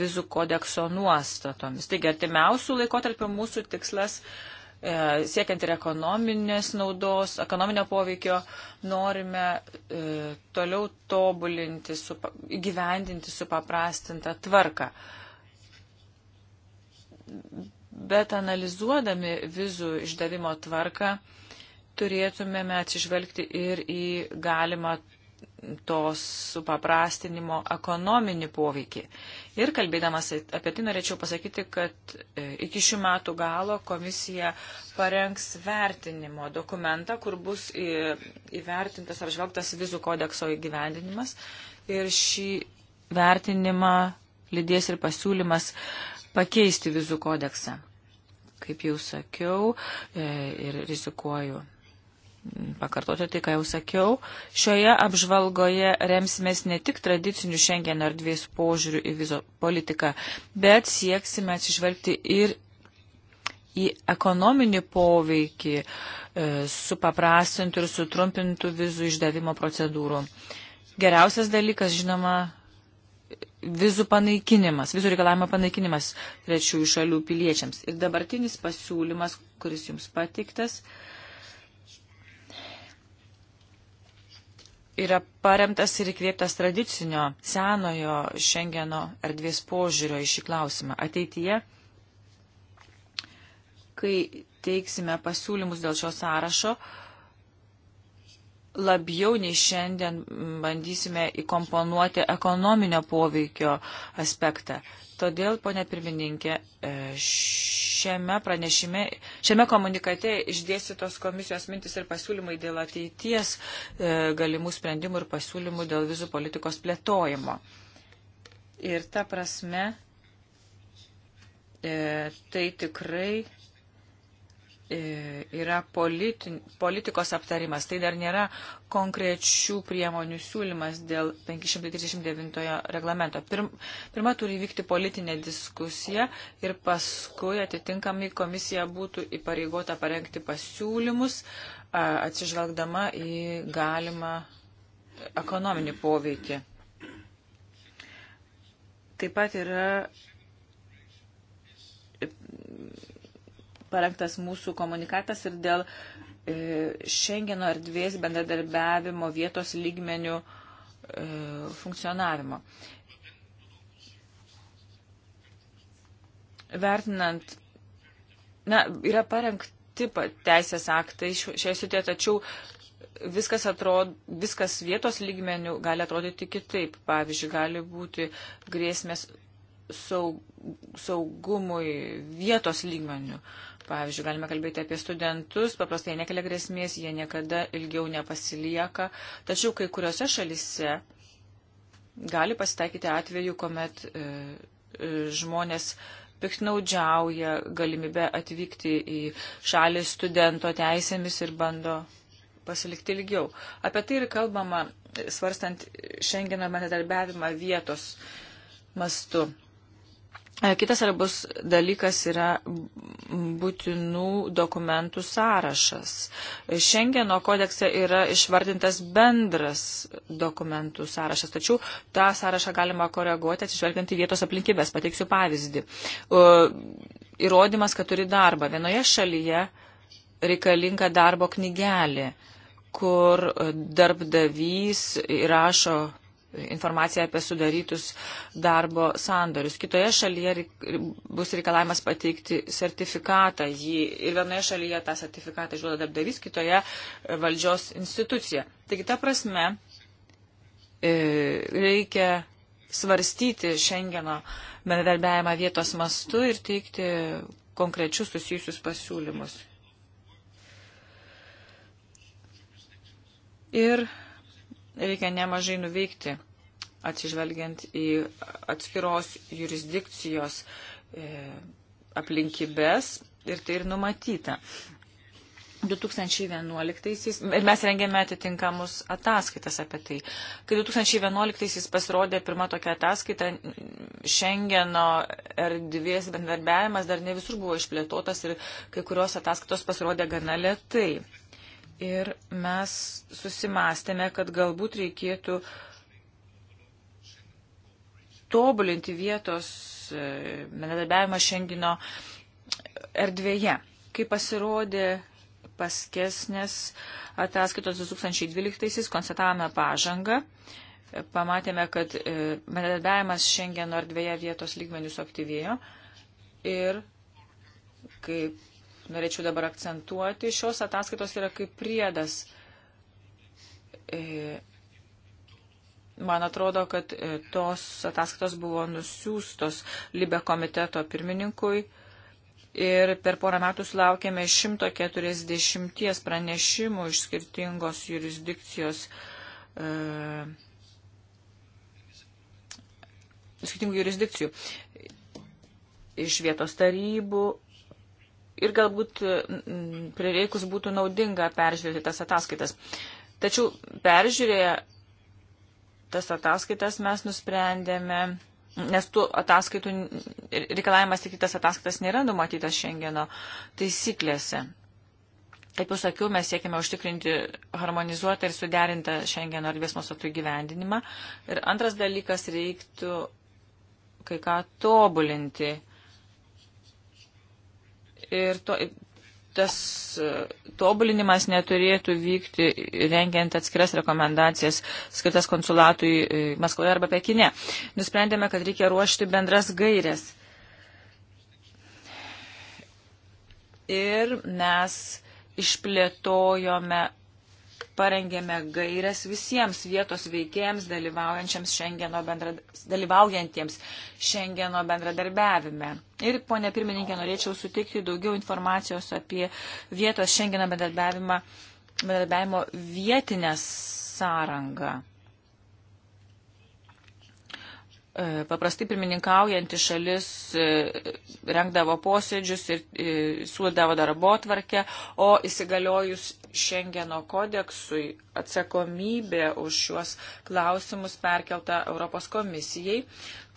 vizų kodekso nuostatomis. Taigi, artimiausių laikotarpių mūsų tikslas e, siekiant ir ekonominės naudos, ekonominio poveikio, norime e, toliau tobulinti, su, gyvendinti supaprastintą tvarką bet analizuodami vizų išdavimo tvarką turėtumėme atsižvelgti ir į galimą tos supaprastinimo ekonominį poveikį. Ir kalbėdamas apie tai norėčiau pasakyti, kad e, iki šių metų galo komisija parengs vertinimo dokumentą, kur bus įvertintas apžvelgtas vizų kodekso įgyvendinimas. Ir šį vertinimą lydės ir pasiūlymas pakeisti vizų kodeksą kaip jau sakiau, e, ir rizikuoju pakartoti tai, ką jau sakiau, šioje apžvalgoje remsimės ne tik tradicinių šiandien erdvės požiūrių į vizo politiką, bet sieksime atsižvelgti ir į ekonominį poveikį e, supaprastintų ir sutrumpintų vizų išdavimo procedūrų. Geriausias dalykas, žinoma, vizų panaikinimas, vizų reikalavimo panaikinimas trečiųjų šalių piliečiams. Ir dabartinis pasiūlymas, kuris jums patiktas, yra paremtas ir įkvėptas tradicinio, senojo Šengeno erdvės požiūrio į šį klausimą. Ateityje, kai teiksime pasiūlymus dėl šio sąrašo, uh, labiau nei šiandien bandysime įkomponuoti ekonominio poveikio aspektą. Todėl, ponė pirmininkė, e, šiame pranešime, šiame komunikate išdėstytos komisijos mintis ir pasiūlymai dėl ateities e, galimų sprendimų ir pasiūlymų dėl vizų politikos plėtojimo. Ir ta prasme, e, tai tikrai E, yra politi politikos aptarimas. Tai dar nėra konkrečių priemonių siūlymas dėl 539 reglamento. Pirm, pirma turi vykti politinė diskusija ir paskui atitinkami komisija būtų įpareigota parengti pasiūlymus, atsižvelgdama į galimą ekonominį poveikį. Taip pat yra parengtas mūsų komunikatas ir dėl Šengeno e, erdvės bendradarbiavimo vietos lygmenių e, funkcionavimo. Vertinant, na, yra parengti teisės aktai šioje sutė, tačiau viskas, atrod, viskas vietos lygmenių gali atrodyti kitaip. Pavyzdžiui, gali būti grėsmės saug, saugumui vietos lygmenių. Uh, Pavyzdžiui, galime kalbėti apie studentus, paprastai nekelia grėsmės, jie niekada ilgiau nepasilieka. Tačiau kai kuriuose šalise gali pasitaikyti atveju, kuomet e, e žmonės piknaudžiauja galimybę atvykti į šalį studento teisėmis ir bando pasilikti ilgiau. Apie tai ir kalbama, svarstant šiandieną bendradarbiavimą vietos mastu. E, kitas arbus dalykas yra būtinų dokumentų sąrašas. Šengeno kodekse yra išvardintas bendras dokumentų sąrašas, tačiau tą sąrašą galima koreguoti atsižvelgiant į vietos aplinkybės. Pateiksiu pavyzdį. E, įrodymas, kad turi darbą. Vienoje šalyje reikalinga darbo knygelė, kur darbdavys įrašo informaciją apie sudarytus darbo sandorius. Kitoje šalyje bus reikalavimas pateikti sertifikatą. Jį, ir vienoje šalyje tą sertifikatą išduoda darbdavys, kitoje valdžios institucija. Taigi ta prasme e, reikia svarstyti Šengeno bendradarbiavimą vietos mastu ir teikti konkrečius susijusius pasiūlymus. Ir reikia nemažai nuveikti, atsižvelgiant į atskiros jurisdikcijos e, aplinkybės ir tai ir numatyta. 2011-aisiais mes rengėme atitinkamus ataskaitas apie tai. Kai 2011-aisiais pasirodė pirma tokia ataskaita, Šengeno erdvės bendarbiavimas dar ne visur buvo išplėtotas ir kai kurios ataskaitos pasirodė gana lietai ir mes susimastėme, kad galbūt reikėtų tobulinti vietos e, bendradarbiavimą Šengino erdvėje. Kai pasirodė paskesnės ataskaitos 2012-aisiais, konstatavome pažangą, pamatėme, kad e, bendradarbiavimas Šengeno erdvėje vietos lygmenių suaktyvėjo ir kaip norėčiau dabar akcentuoti, šios ataskaitos yra kaip priedas. E, man atrodo, kad e, tos ataskaitos buvo nusiūstos Libe komiteto pirmininkui ir per porą metų sulaukėme 140 pranešimų iš skirtingos jurisdikcijos. E, skirtingų jurisdikcijų iš vietos tarybų, ir galbūt mm, mm, prireikus būtų naudinga peržiūrėti tas ataskaitas. Tačiau peržiūrėję tas ataskaitas mes nusprendėme, nes tų ataskaitų reikalavimas tik tas ataskaitas nėra numatytas Šengeno taisyklėse. Kaip jau sakiau, mes siekime užtikrinti harmonizuotą ir suderintą Šengeno erdvės nuostatų įgyvendinimą. Ir antras dalykas reiktų kai ką tobulinti ir to, tas e, tobulinimas neturėtų vykti rengiant atskiras rekomendacijas skirtas konsulatui e, Maskvoje arba Pekine. Nusprendėme, kad reikia ruošti bendras gairias. Ir mes išplėtojome parengėme gairias visiems vietos veikėjams dalyvaujančiams šengeno bendra, dalyvaujantiems Šengeno bendradarbiavime. Ir, ponė pirmininkė, norėčiau sutikti daugiau informacijos apie vietos Šengeno bendradarbiavimo vietinę sąrangą. E, paprastai pirmininkaujanti šalis e, rengdavo posėdžius ir e, suodavo darbo tvarkę, o įsigaliojus Šengeno kodeksui atsakomybė už šiuos klausimus perkelta Europos komisijai,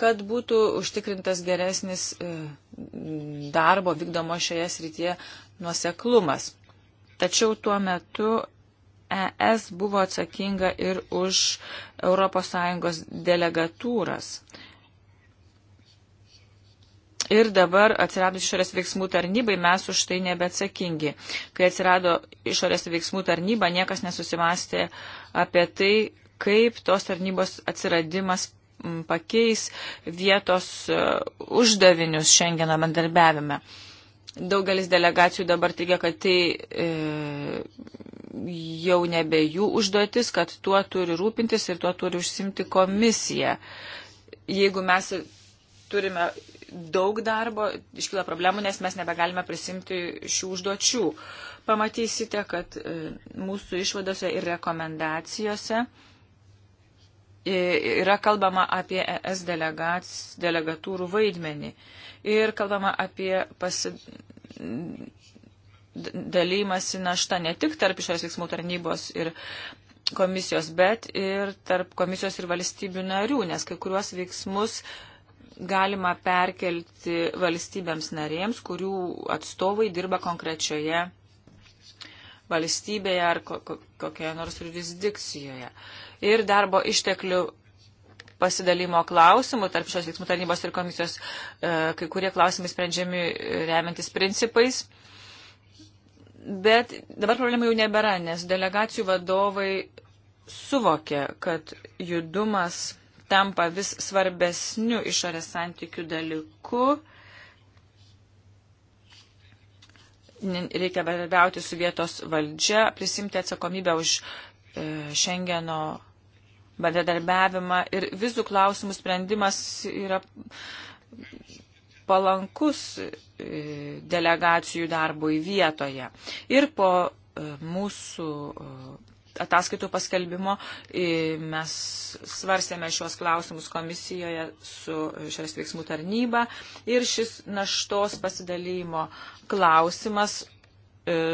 kad būtų užtikrintas geresnis darbo vykdomo šioje srityje nuoseklumas. Tačiau tuo metu ES buvo atsakinga ir už ES delegatūras. Ir dabar atsiradus išorės veiksmų tarnybai mes už tai nebeatsakingi. Kai atsirado išorės veiksmų tarnyba, niekas nesusimastė apie tai, kaip tos tarnybos atsiradimas pakeis vietos e, uždavinius šiandieną bendarbiavime. Uh, Daugelis delegacijų dabar teigia, kad tai e, jau nebe jų užduotis, kad tuo turi rūpintis ir tuo turi užsimti komisija. Jeigu mes turime daug darbo, iškyla problemų, nes mes nebegalime prisimti šių užduočių. Pamatysite, kad e, mūsų išvadose ir rekomendacijose e, yra kalbama apie ES delegac, delegatūrų vaidmenį ir kalbama apie pasi, dalymasi našta ne tik tarp išorės veiksmų tarnybos ir komisijos, bet ir tarp komisijos ir valstybių narių, nes kai kuriuos veiksmus galima perkelti valstybėms narėms, kurių atstovai dirba konkrečioje valstybėje ar kokioje nors jurisdikcijoje ir darbo išteklių pasidalimo klausimų tarp šios veiksmų tarnybos ir komisijos, e, kai kurie klausimai sprendžiami remiantis principais. Bet dabar problemų jau nebėra, nes delegacijų vadovai suvokė, kad judumas tampa vis svarbesniu išorės santykių dalyku. Reikia bendradarbiauti su vietos valdžia, prisimti atsakomybę už Šengeno e, bendradarbiavimą ir vizų klausimų sprendimas yra palankus e, delegacijų darbui vietoje. Ir po e, mūsų e, ataskaitų paskelbimo mes svarstėme šios klausimus komisijoje su šios veiksmų tarnyba ir šis naštos pasidalymo klausimas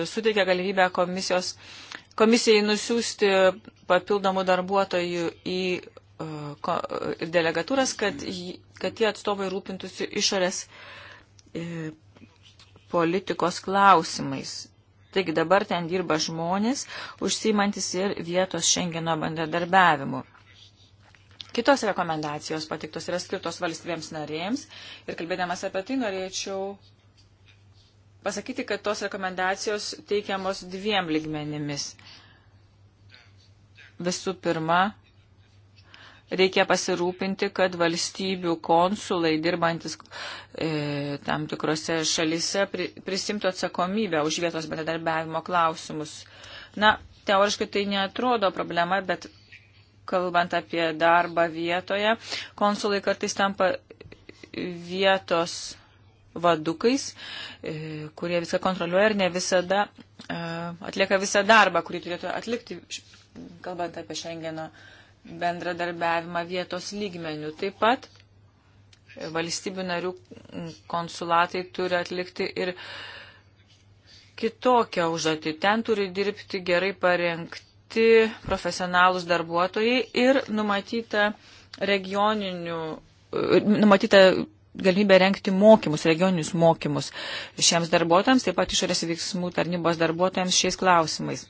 suteikia galimybę komisijos uh, komisijai nusiųsti papildomų darbuotojų į e, e, delegatūras, kad, kad tie atstovai rūpintųsi išorės e, politikos klausimais. Taigi dabar ten dirba žmonės, užsimantis ir vietos Šengeno bendradarbiavimu. Kitos rekomendacijos patiktos yra skirtos valstybėms narėms ir kalbėdamas apie tai norėčiau pasakyti, kad tos rekomendacijos teikiamos dviem ligmenimis. Visų pirma, reikia pasirūpinti, kad valstybių konsulai dirbantis e, tam tikrose šalise pri, prisimtų atsakomybę už vietos bendradarbiavimo klausimus. Na, teoriškai tai netrodo problema, bet kalbant apie darbą vietoje, konsulai kartais tampa vietos vadukais, e, kurie viską kontroliuoja ir ne visada e, atlieka visą darbą, kurį turėtų atlikti, kalbant apie Šengeno bendradarbiavimą vietos lygmenių. Taip pat valstybių narių konsulatai turi atlikti ir kitokią užduotį. Ten turi dirbti gerai parengti profesionalus darbuotojai ir numatyta regioninių, e, numatyta galimybę renkti mokymus, regioninius mokymus šiems darbuotojams, taip pat išorės veiksmų tarnybos darbuotojams šiais klausimais.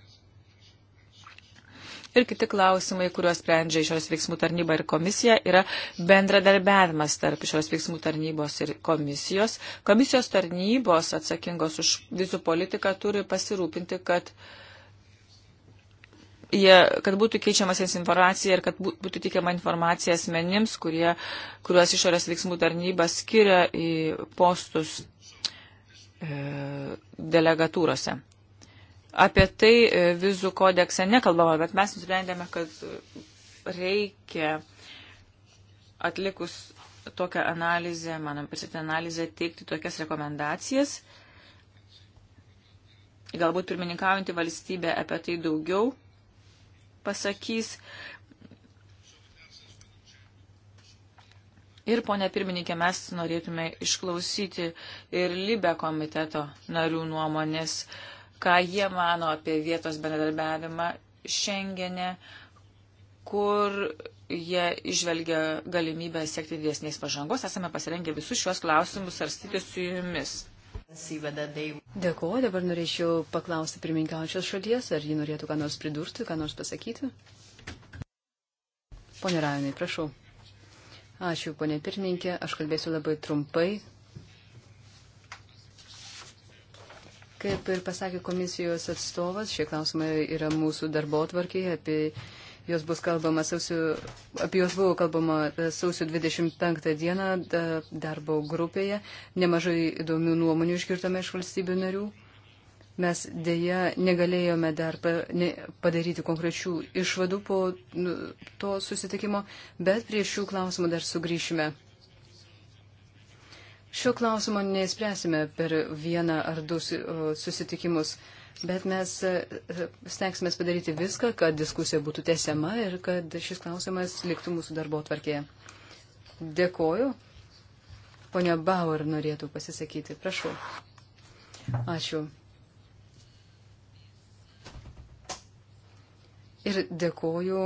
Ir kiti klausimai, kuriuos sprendžia išorės veiksmų tarnyba ir komisija, yra bendradarbiavimas tarp išorės veiksmų tarnybos ir komisijos. Komisijos tarnybos atsakingos už vizų politiką turi pasirūpinti, kad uh, jie, kad būtų keičiamas jas informacija ir kad būtų tikiama informacija asmenims, kurie, kuriuos išorės veiksmų tarnyba skiria į postus e, delegatūrose. Apie tai e, vizų kodekse nekalbama, bet mes nusprendėme, kad reikia atlikus tokią analizę, manom, prisitę analizę, teikti tokias rekomendacijas. Galbūt pirmininkaujantį valstybę apie tai daugiau pasakys. Ir, ponė pirmininkė, mes norėtume išklausyti ir Libe komiteto narių nuomonės, ką jie mano apie vietos bendradarbiavimą Šengene, kur jie išvelgia galimybę siekti didesnės pažangos. Esame pasirengę visus šios klausimus svarstyti su jumis. Dėkuoju, dabar norėčiau paklausti pirmininkaujančios šalies, ar ji norėtų ką nors pridurti, ką nors pasakyti. Pone Rajonai, prašau. Ačiū, ponė pirmininkė, aš kalbėsiu labai trumpai. Kaip ir pasakė komisijos atstovas, šie klausimai yra mūsų darbo tvarkiai, apie Jos bus kalbama sausio, apie jos buvo kalbama e, sausio 25 dieną darbo grupėje. Nemažai įdomių nuomonių išgirtame iš valstybių narių. Mes dėja negalėjome dar padaryti konkrečių išvadų po nu, to susitikimo, bet prie šių klausimų dar sugrįšime. Šio klausimo neįspręsime per vieną ar du susitikimus bet mes e, e, stengsime padaryti viską, kad diskusija būtų tęsiama ir kad šis klausimas liktų mūsų darbo tvarkėje. Dėkoju. Pone Bauer norėtų pasisakyti. Prašau. Ačiū. Ir dėkoju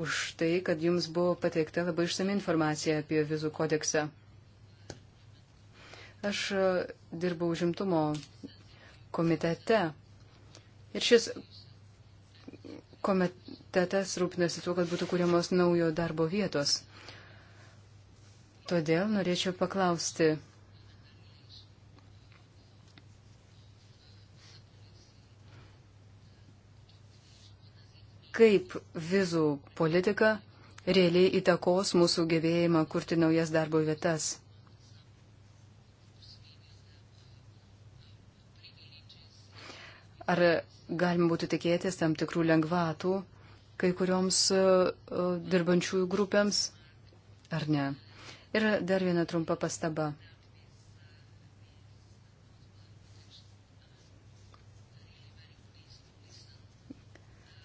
už tai, kad jums buvo pateikta labai išsami informacija apie vizų kodeksą. Aš e, dirbau žimtumo komitete. Ir šis komitetas rūpinasi tuo, kad būtų kūriamos naujo darbo vietos. Todėl norėčiau paklausti. Kaip vizų politika realiai įtakos mūsų gyvėjimą kurti naujas darbo vietas? Ar galima būtų tikėtis tam tikrų lengvatų kai kurioms e, e, dirbančiųjų grupėms, ar ne? Ir dar viena trumpa pastaba.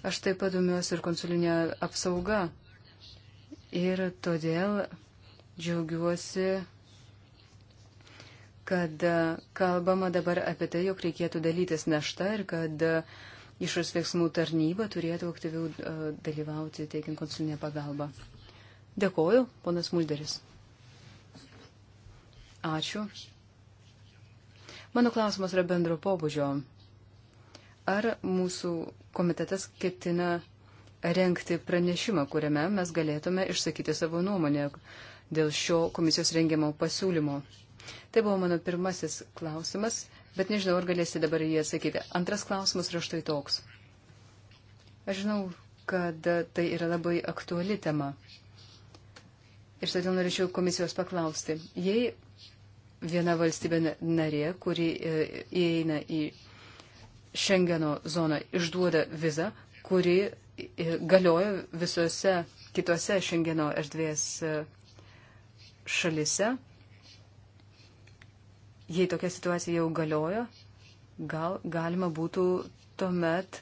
Aš taip pat domiuosi ir konsulinė apsauga. Ir todėl džiaugiuosi kad e, kalbama dabar apie tai, jog reikėtų dalytis naštą ir kad e, išras veiksmų tarnyba turėtų aktyviau e, dalyvauti teikiant konsulinę pagalbą. Dėkoju, ponas Mulderis. Ačiū. Mano klausimas yra bendro pobūdžio. Ar mūsų komitetas ketina rengti pranešimą, kuriame mes galėtume išsakyti savo nuomonę dėl šio komisijos rengiamo pasiūlymo? Tai buvo mano pirmasis klausimas, bet nežinau, ar galėsite dabar jį atsakyti. Antras klausimas yra štai toks. Aš žinau, kad tai yra labai aktuali tema. Ir todėl norėčiau komisijos paklausti. Jei viena valstybė narė, kuri e, įeina į Šengeno zoną, išduoda vizą, kuri e, galioja visose kitose Šengeno erdvės e, šalise, jei tokia situacija jau galiojo, gal galima būtų tuomet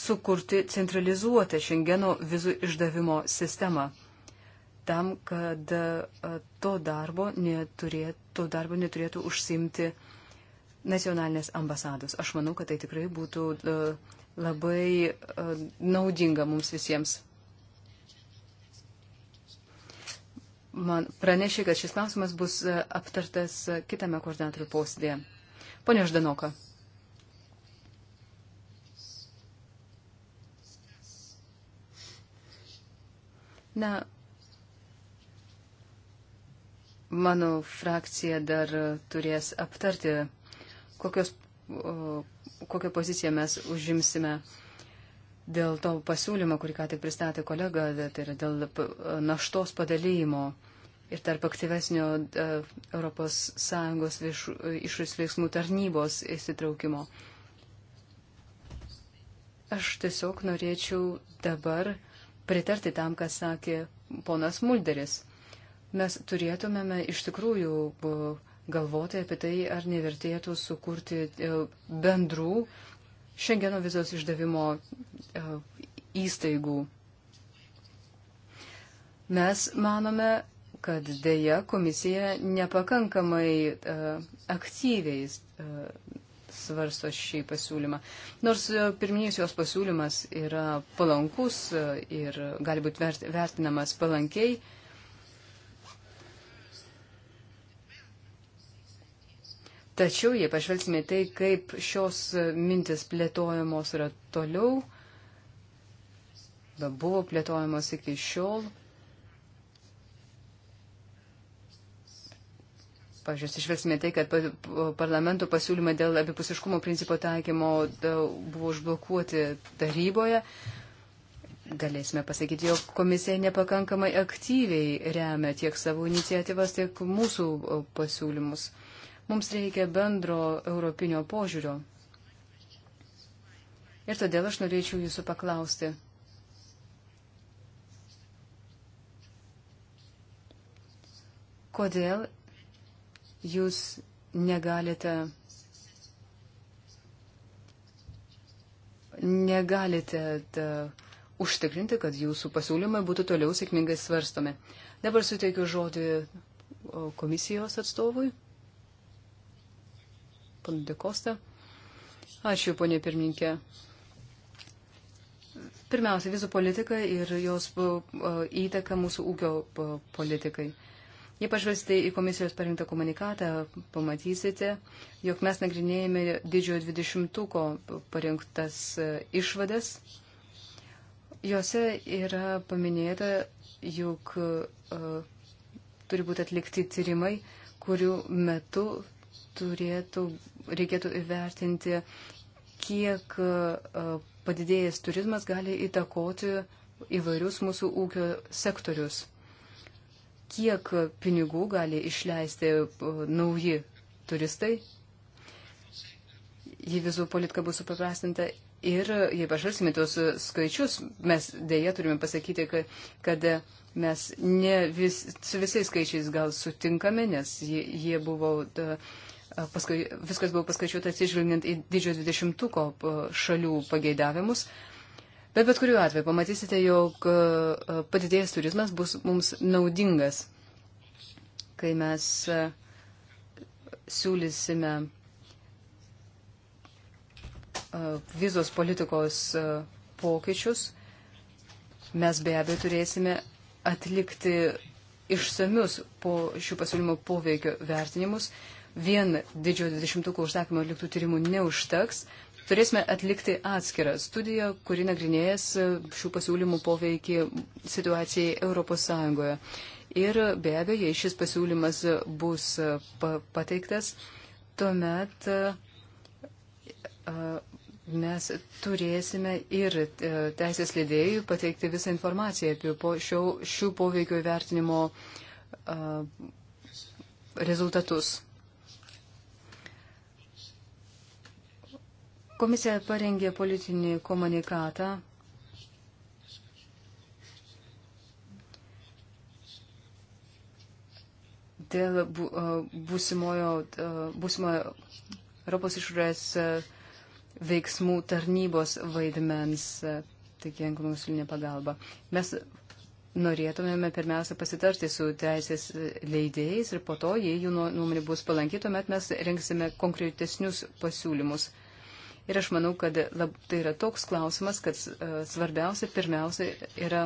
sukurti centralizuotą Šengeno vizų išdavimo sistemą, tam, kad e, to darbo neturėtų, to darbo neturėtų užsimti nacionalinės ambasados. Aš manau, kad tai tikrai būtų e, labai e, naudinga mums visiems. man pranešė, kad šis klausimas bus e, aptartas e, kitame koordinatorių posėdėje. Pone Ždanoka. Na, mano frakcija dar turės aptarti, kokios, kokio poziciją mes užimsime dėl to pasiūlymo, kurį ką tik pristatė kolega, tai yra dėl naštos padalymo ir tarp aktyvesnio ES e, išorės veiksmų tarnybos įsitraukimo. Aš tiesiog norėčiau dabar pritarti tam, ką sakė ponas Mulderis. Mes turėtumėme iš tikrųjų e, galvoti apie tai, ar nevertėtų sukurti e, bendrų uh, Šengeno vizos išdavimo e, įstaigų. Mes manome, kad dėja komisija nepakankamai uh, aktyviai uh, svarsto šį pasiūlymą. Nors pirminis jos pasiūlymas yra palankus ir gali būti vertinamas palankiai, uh, Tačiau, jei pažvelgsime tai, kaip šios mintis plėtojamos yra toliau, buvo plėtojamos iki šiol, Pavyzdžiui, išvelgsime tai, kad parlamento pasiūlymai dėl abipusiškumo principo taikymo buvo užblokuoti taryboje. Galėsime pasakyti, jog komisija nepakankamai aktyviai remia tiek savo iniciatyvas, tiek mūsų pasiūlymus. Mums reikia bendro europinio požiūrio. Ir todėl aš norėčiau jūsų paklausti. Kodėl jūs negalite, negalite ta, užtikrinti, kad jūsų pasiūlymai būtų toliau sėkmingai svarstomi. Dabar suteikiu žodį komisijos atstovui. Pana Dekosta. Ačiū, ponė pirmininkė. Pirmiausia, vizų politika ir jos e, įtaka mūsų ūkio e, politikai. Jei pažvelgsite į komisijos parinktą komunikatą, pamatysite, jog mes nagrinėjame didžiojo dvidešimtuko parinktas e, išvadas. Jose yra paminėta, jog turi būti atlikti tyrimai, kurių metu turėtų reikėtų įvertinti, kiek e, padidėjęs turizmas gali įtakoti įvairius mūsų ūkio sektorius. Kiek pinigų gali išleisti e, nauji turistai. Jei vizų politika bus supaprastinta ir jei pažvelgsime tuos skaičius, mes dėja turime pasakyti, kad, kad mes ne vis, su visais skaičiais gal sutinkame, nes jie, jie buvo da, e, uh, Paskui, viskas buvo paskaičiuota atsižvelgiant į didžiojo dvidešimtuko šalių pageidavimus. Bet bet kuriuo atveju pamatysite, jog padidėjęs turizmas bus mums naudingas, kai mes siūlysime vizos politikos pokyčius. Mes be abejo turėsime atlikti išsamius po šių pasiūlymų poveikio vertinimus, vien didžiojo dvidešimtuko užsakymo atliktų tyrimų neužteks. Turėsime atlikti atskirą studiją, kuri nagrinėjęs e, šių pasiūlymų poveikį situacijai Europos Sąjungoje. Ir be abejo, jei šis pasiūlymas bus e, pateiktas, tuomet e, mes turėsime ir teisės leidėjų pateikti visą informaciją apie po šio, šių poveikio įvertinimo rezultatus. Komisija parengė politinį komunikatą. Dėl būsimojo, būsimojo Europos išorės veiksmų tarnybos vaidmens, teikiant konsulinę pagalbą. Mes norėtumėme pirmiausia pasitarti su teisės leidėjais ir po to, jei jų nuomonė bus palanki, tuomet mes rengsime konkretesnius pasiūlymus. Ir aš manau, kad lab, tai yra toks klausimas, kad e, svarbiausia, pirmiausia, yra,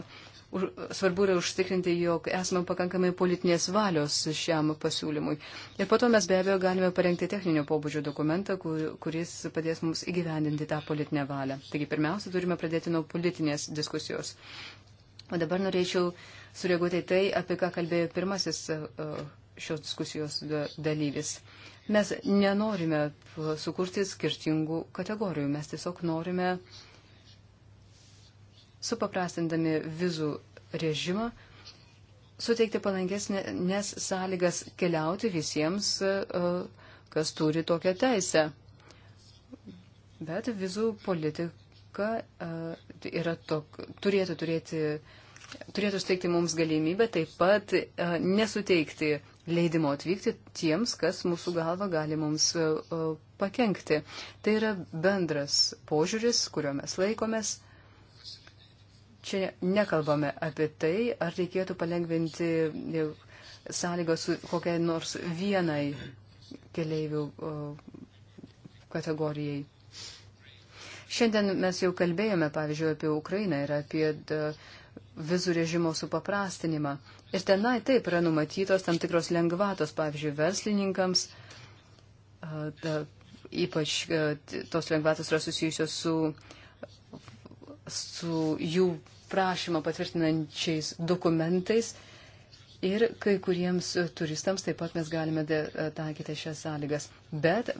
už, svarbu yra užtikrinti, jog esame pakankamai politinės valios šiam pasiūlymui. Ir po to mes be abejo galime parengti techninio pobūdžio dokumentą, kur, kuris padės mums įgyvendinti tą politinę valią. Taigi pirmiausia, turime pradėti nuo politinės diskusijos. O dabar norėčiau sureaguoti tai, apie ką kalbėjo pirmasis e, e, šios diskusijos dalyvis. Mes nenorime sukurti skirtingų kategorijų, mes tiesiog norime, supaprastindami vizų režimą, suteikti palankesnės sąlygas keliauti visiems, e, kas turi tokią teisę. Bet vizų politika e, tai tok, turėtų turėti. Turėtų suteikti mums galimybę taip pat e, nesuteikti leidimo atvykti tiems, kas mūsų galva gali mums e, e, pakengti. Tai yra bendras požiūris, kurio mes laikomės. Čia nekalbame apie tai, ar reikėtų palengvinti e, sąlygas kokiai nors vienai keleivių kategorijai. Šiandien mes jau kalbėjome, pavyzdžiui, apie Ukrainą ir apie vizų režimo supaprastinimą. Ir tenai taip yra numatytos tam tikros lengvatos, pavyzdžiui, verslininkams, da, ypač tos lengvatos yra susijusios su, su jų prašymą patvirtinančiais dokumentais. Ir kai kuriems turistams taip pat mes galime taikyti šias sąlygas. Bet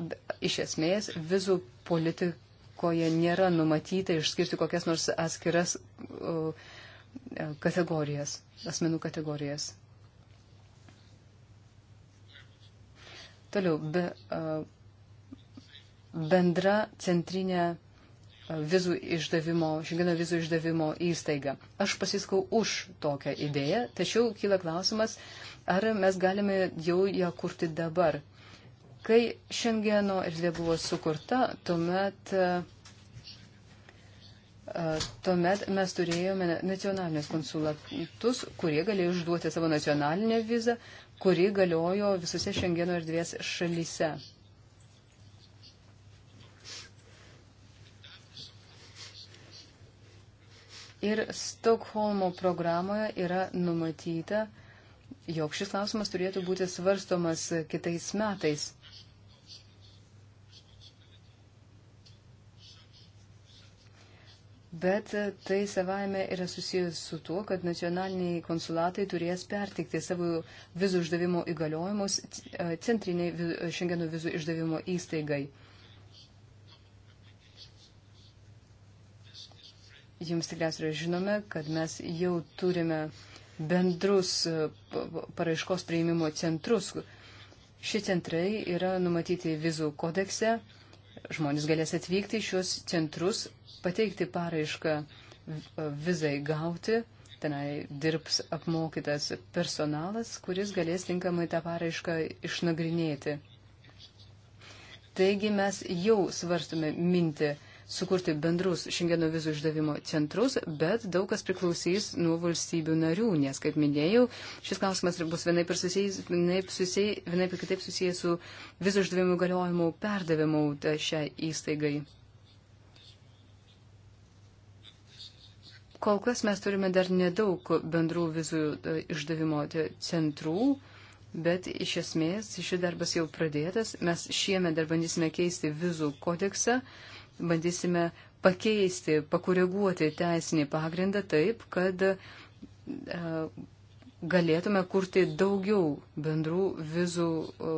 iš esmės vizų politikoje nėra numatyta išskirti kokias nors atskiras uh, E, kategorijas, asmenų kategorijas. Toliau, be, e, bendra centrinė e, vizų išdavimo, šengeno vizų išdavimo įstaiga. Aš pasiskau už tokią idėją, tačiau kyla klausimas, ar mes galime jau ją kurti dabar. Kai šengeno erdvė buvo sukurta, tuomet uh, Tuomet mes turėjome nacionalinius konsulatus, kurie galėjo išduoti savo nacionalinę vizą, kuri galiojo visose Šengeno erdvės šalyse. Ir Stokholmo programoje yra numatyta, jog šis klausimas turėtų būti svarstomas kitais metais. Bet e, tai savaime yra susijęs su tuo, kad nacionaliniai konsulatai turės pertikti savo vizų išdavimo įgaliojimus e, centriniai e, šiandienų vizų išdavimo įstaigai. Jums tikriausiai yra žinome, kad mes jau turime bendrus paraiškos priėmimo centrus. Šie centrai yra numatyti vizų kodekse žmonės galės atvykti į šios centrus pateikti paraišką vizai gauti. Tenai dirbs apmokytas personalas, kuris galės tinkamai tą paraišką išnagrinėti. Taigi mes jau svarstume mintį sukurti bendrus šengeno vizų išdavimo centrus, bet daug kas priklausys nuo valstybių narių, nes, kaip minėjau, šis klausimas bus vienaip ir susijęs, vienaip, susijęs, vienaip ir kitaip susijęs su vizų išdavimo galiojimų perdavimu tai šiai įstaigai. Kol kas mes turime dar nedaug bendrų vizų e, išdavimo centrų, bet iš esmės šis darbas jau pradėtas. Mes šiemet dar bandysime keisti vizų kodeksą, bandysime pakeisti, pakoreguoti teisinį pagrindą taip, kad e, galėtume kurti daugiau bendrų vizų e,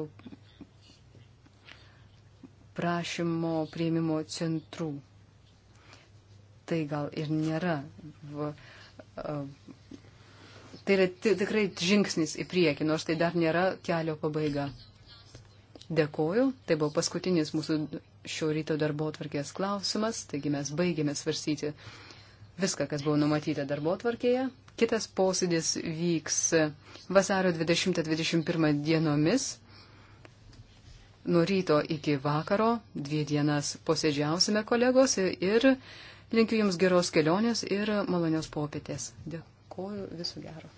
prašymo prieimimo centrų tai gal ir nėra. Tai yra tikrai žingsnis į priekį, nors tai dar nėra kelio pabaiga. Dėkoju, tai buvo paskutinis mūsų šio ryto darbo atvarkės klausimas, taigi mes baigėme svarstyti viską, kas buvo numatyta darbo atvarkėje. Kitas posėdis vyks vasario 20-21 dienomis nuo ryto iki vakaro, dvi dienas posėdžiausime kolegos ir Linkiu Jums geros kelionės ir malonios popietės. Dėkuoju, visų gero.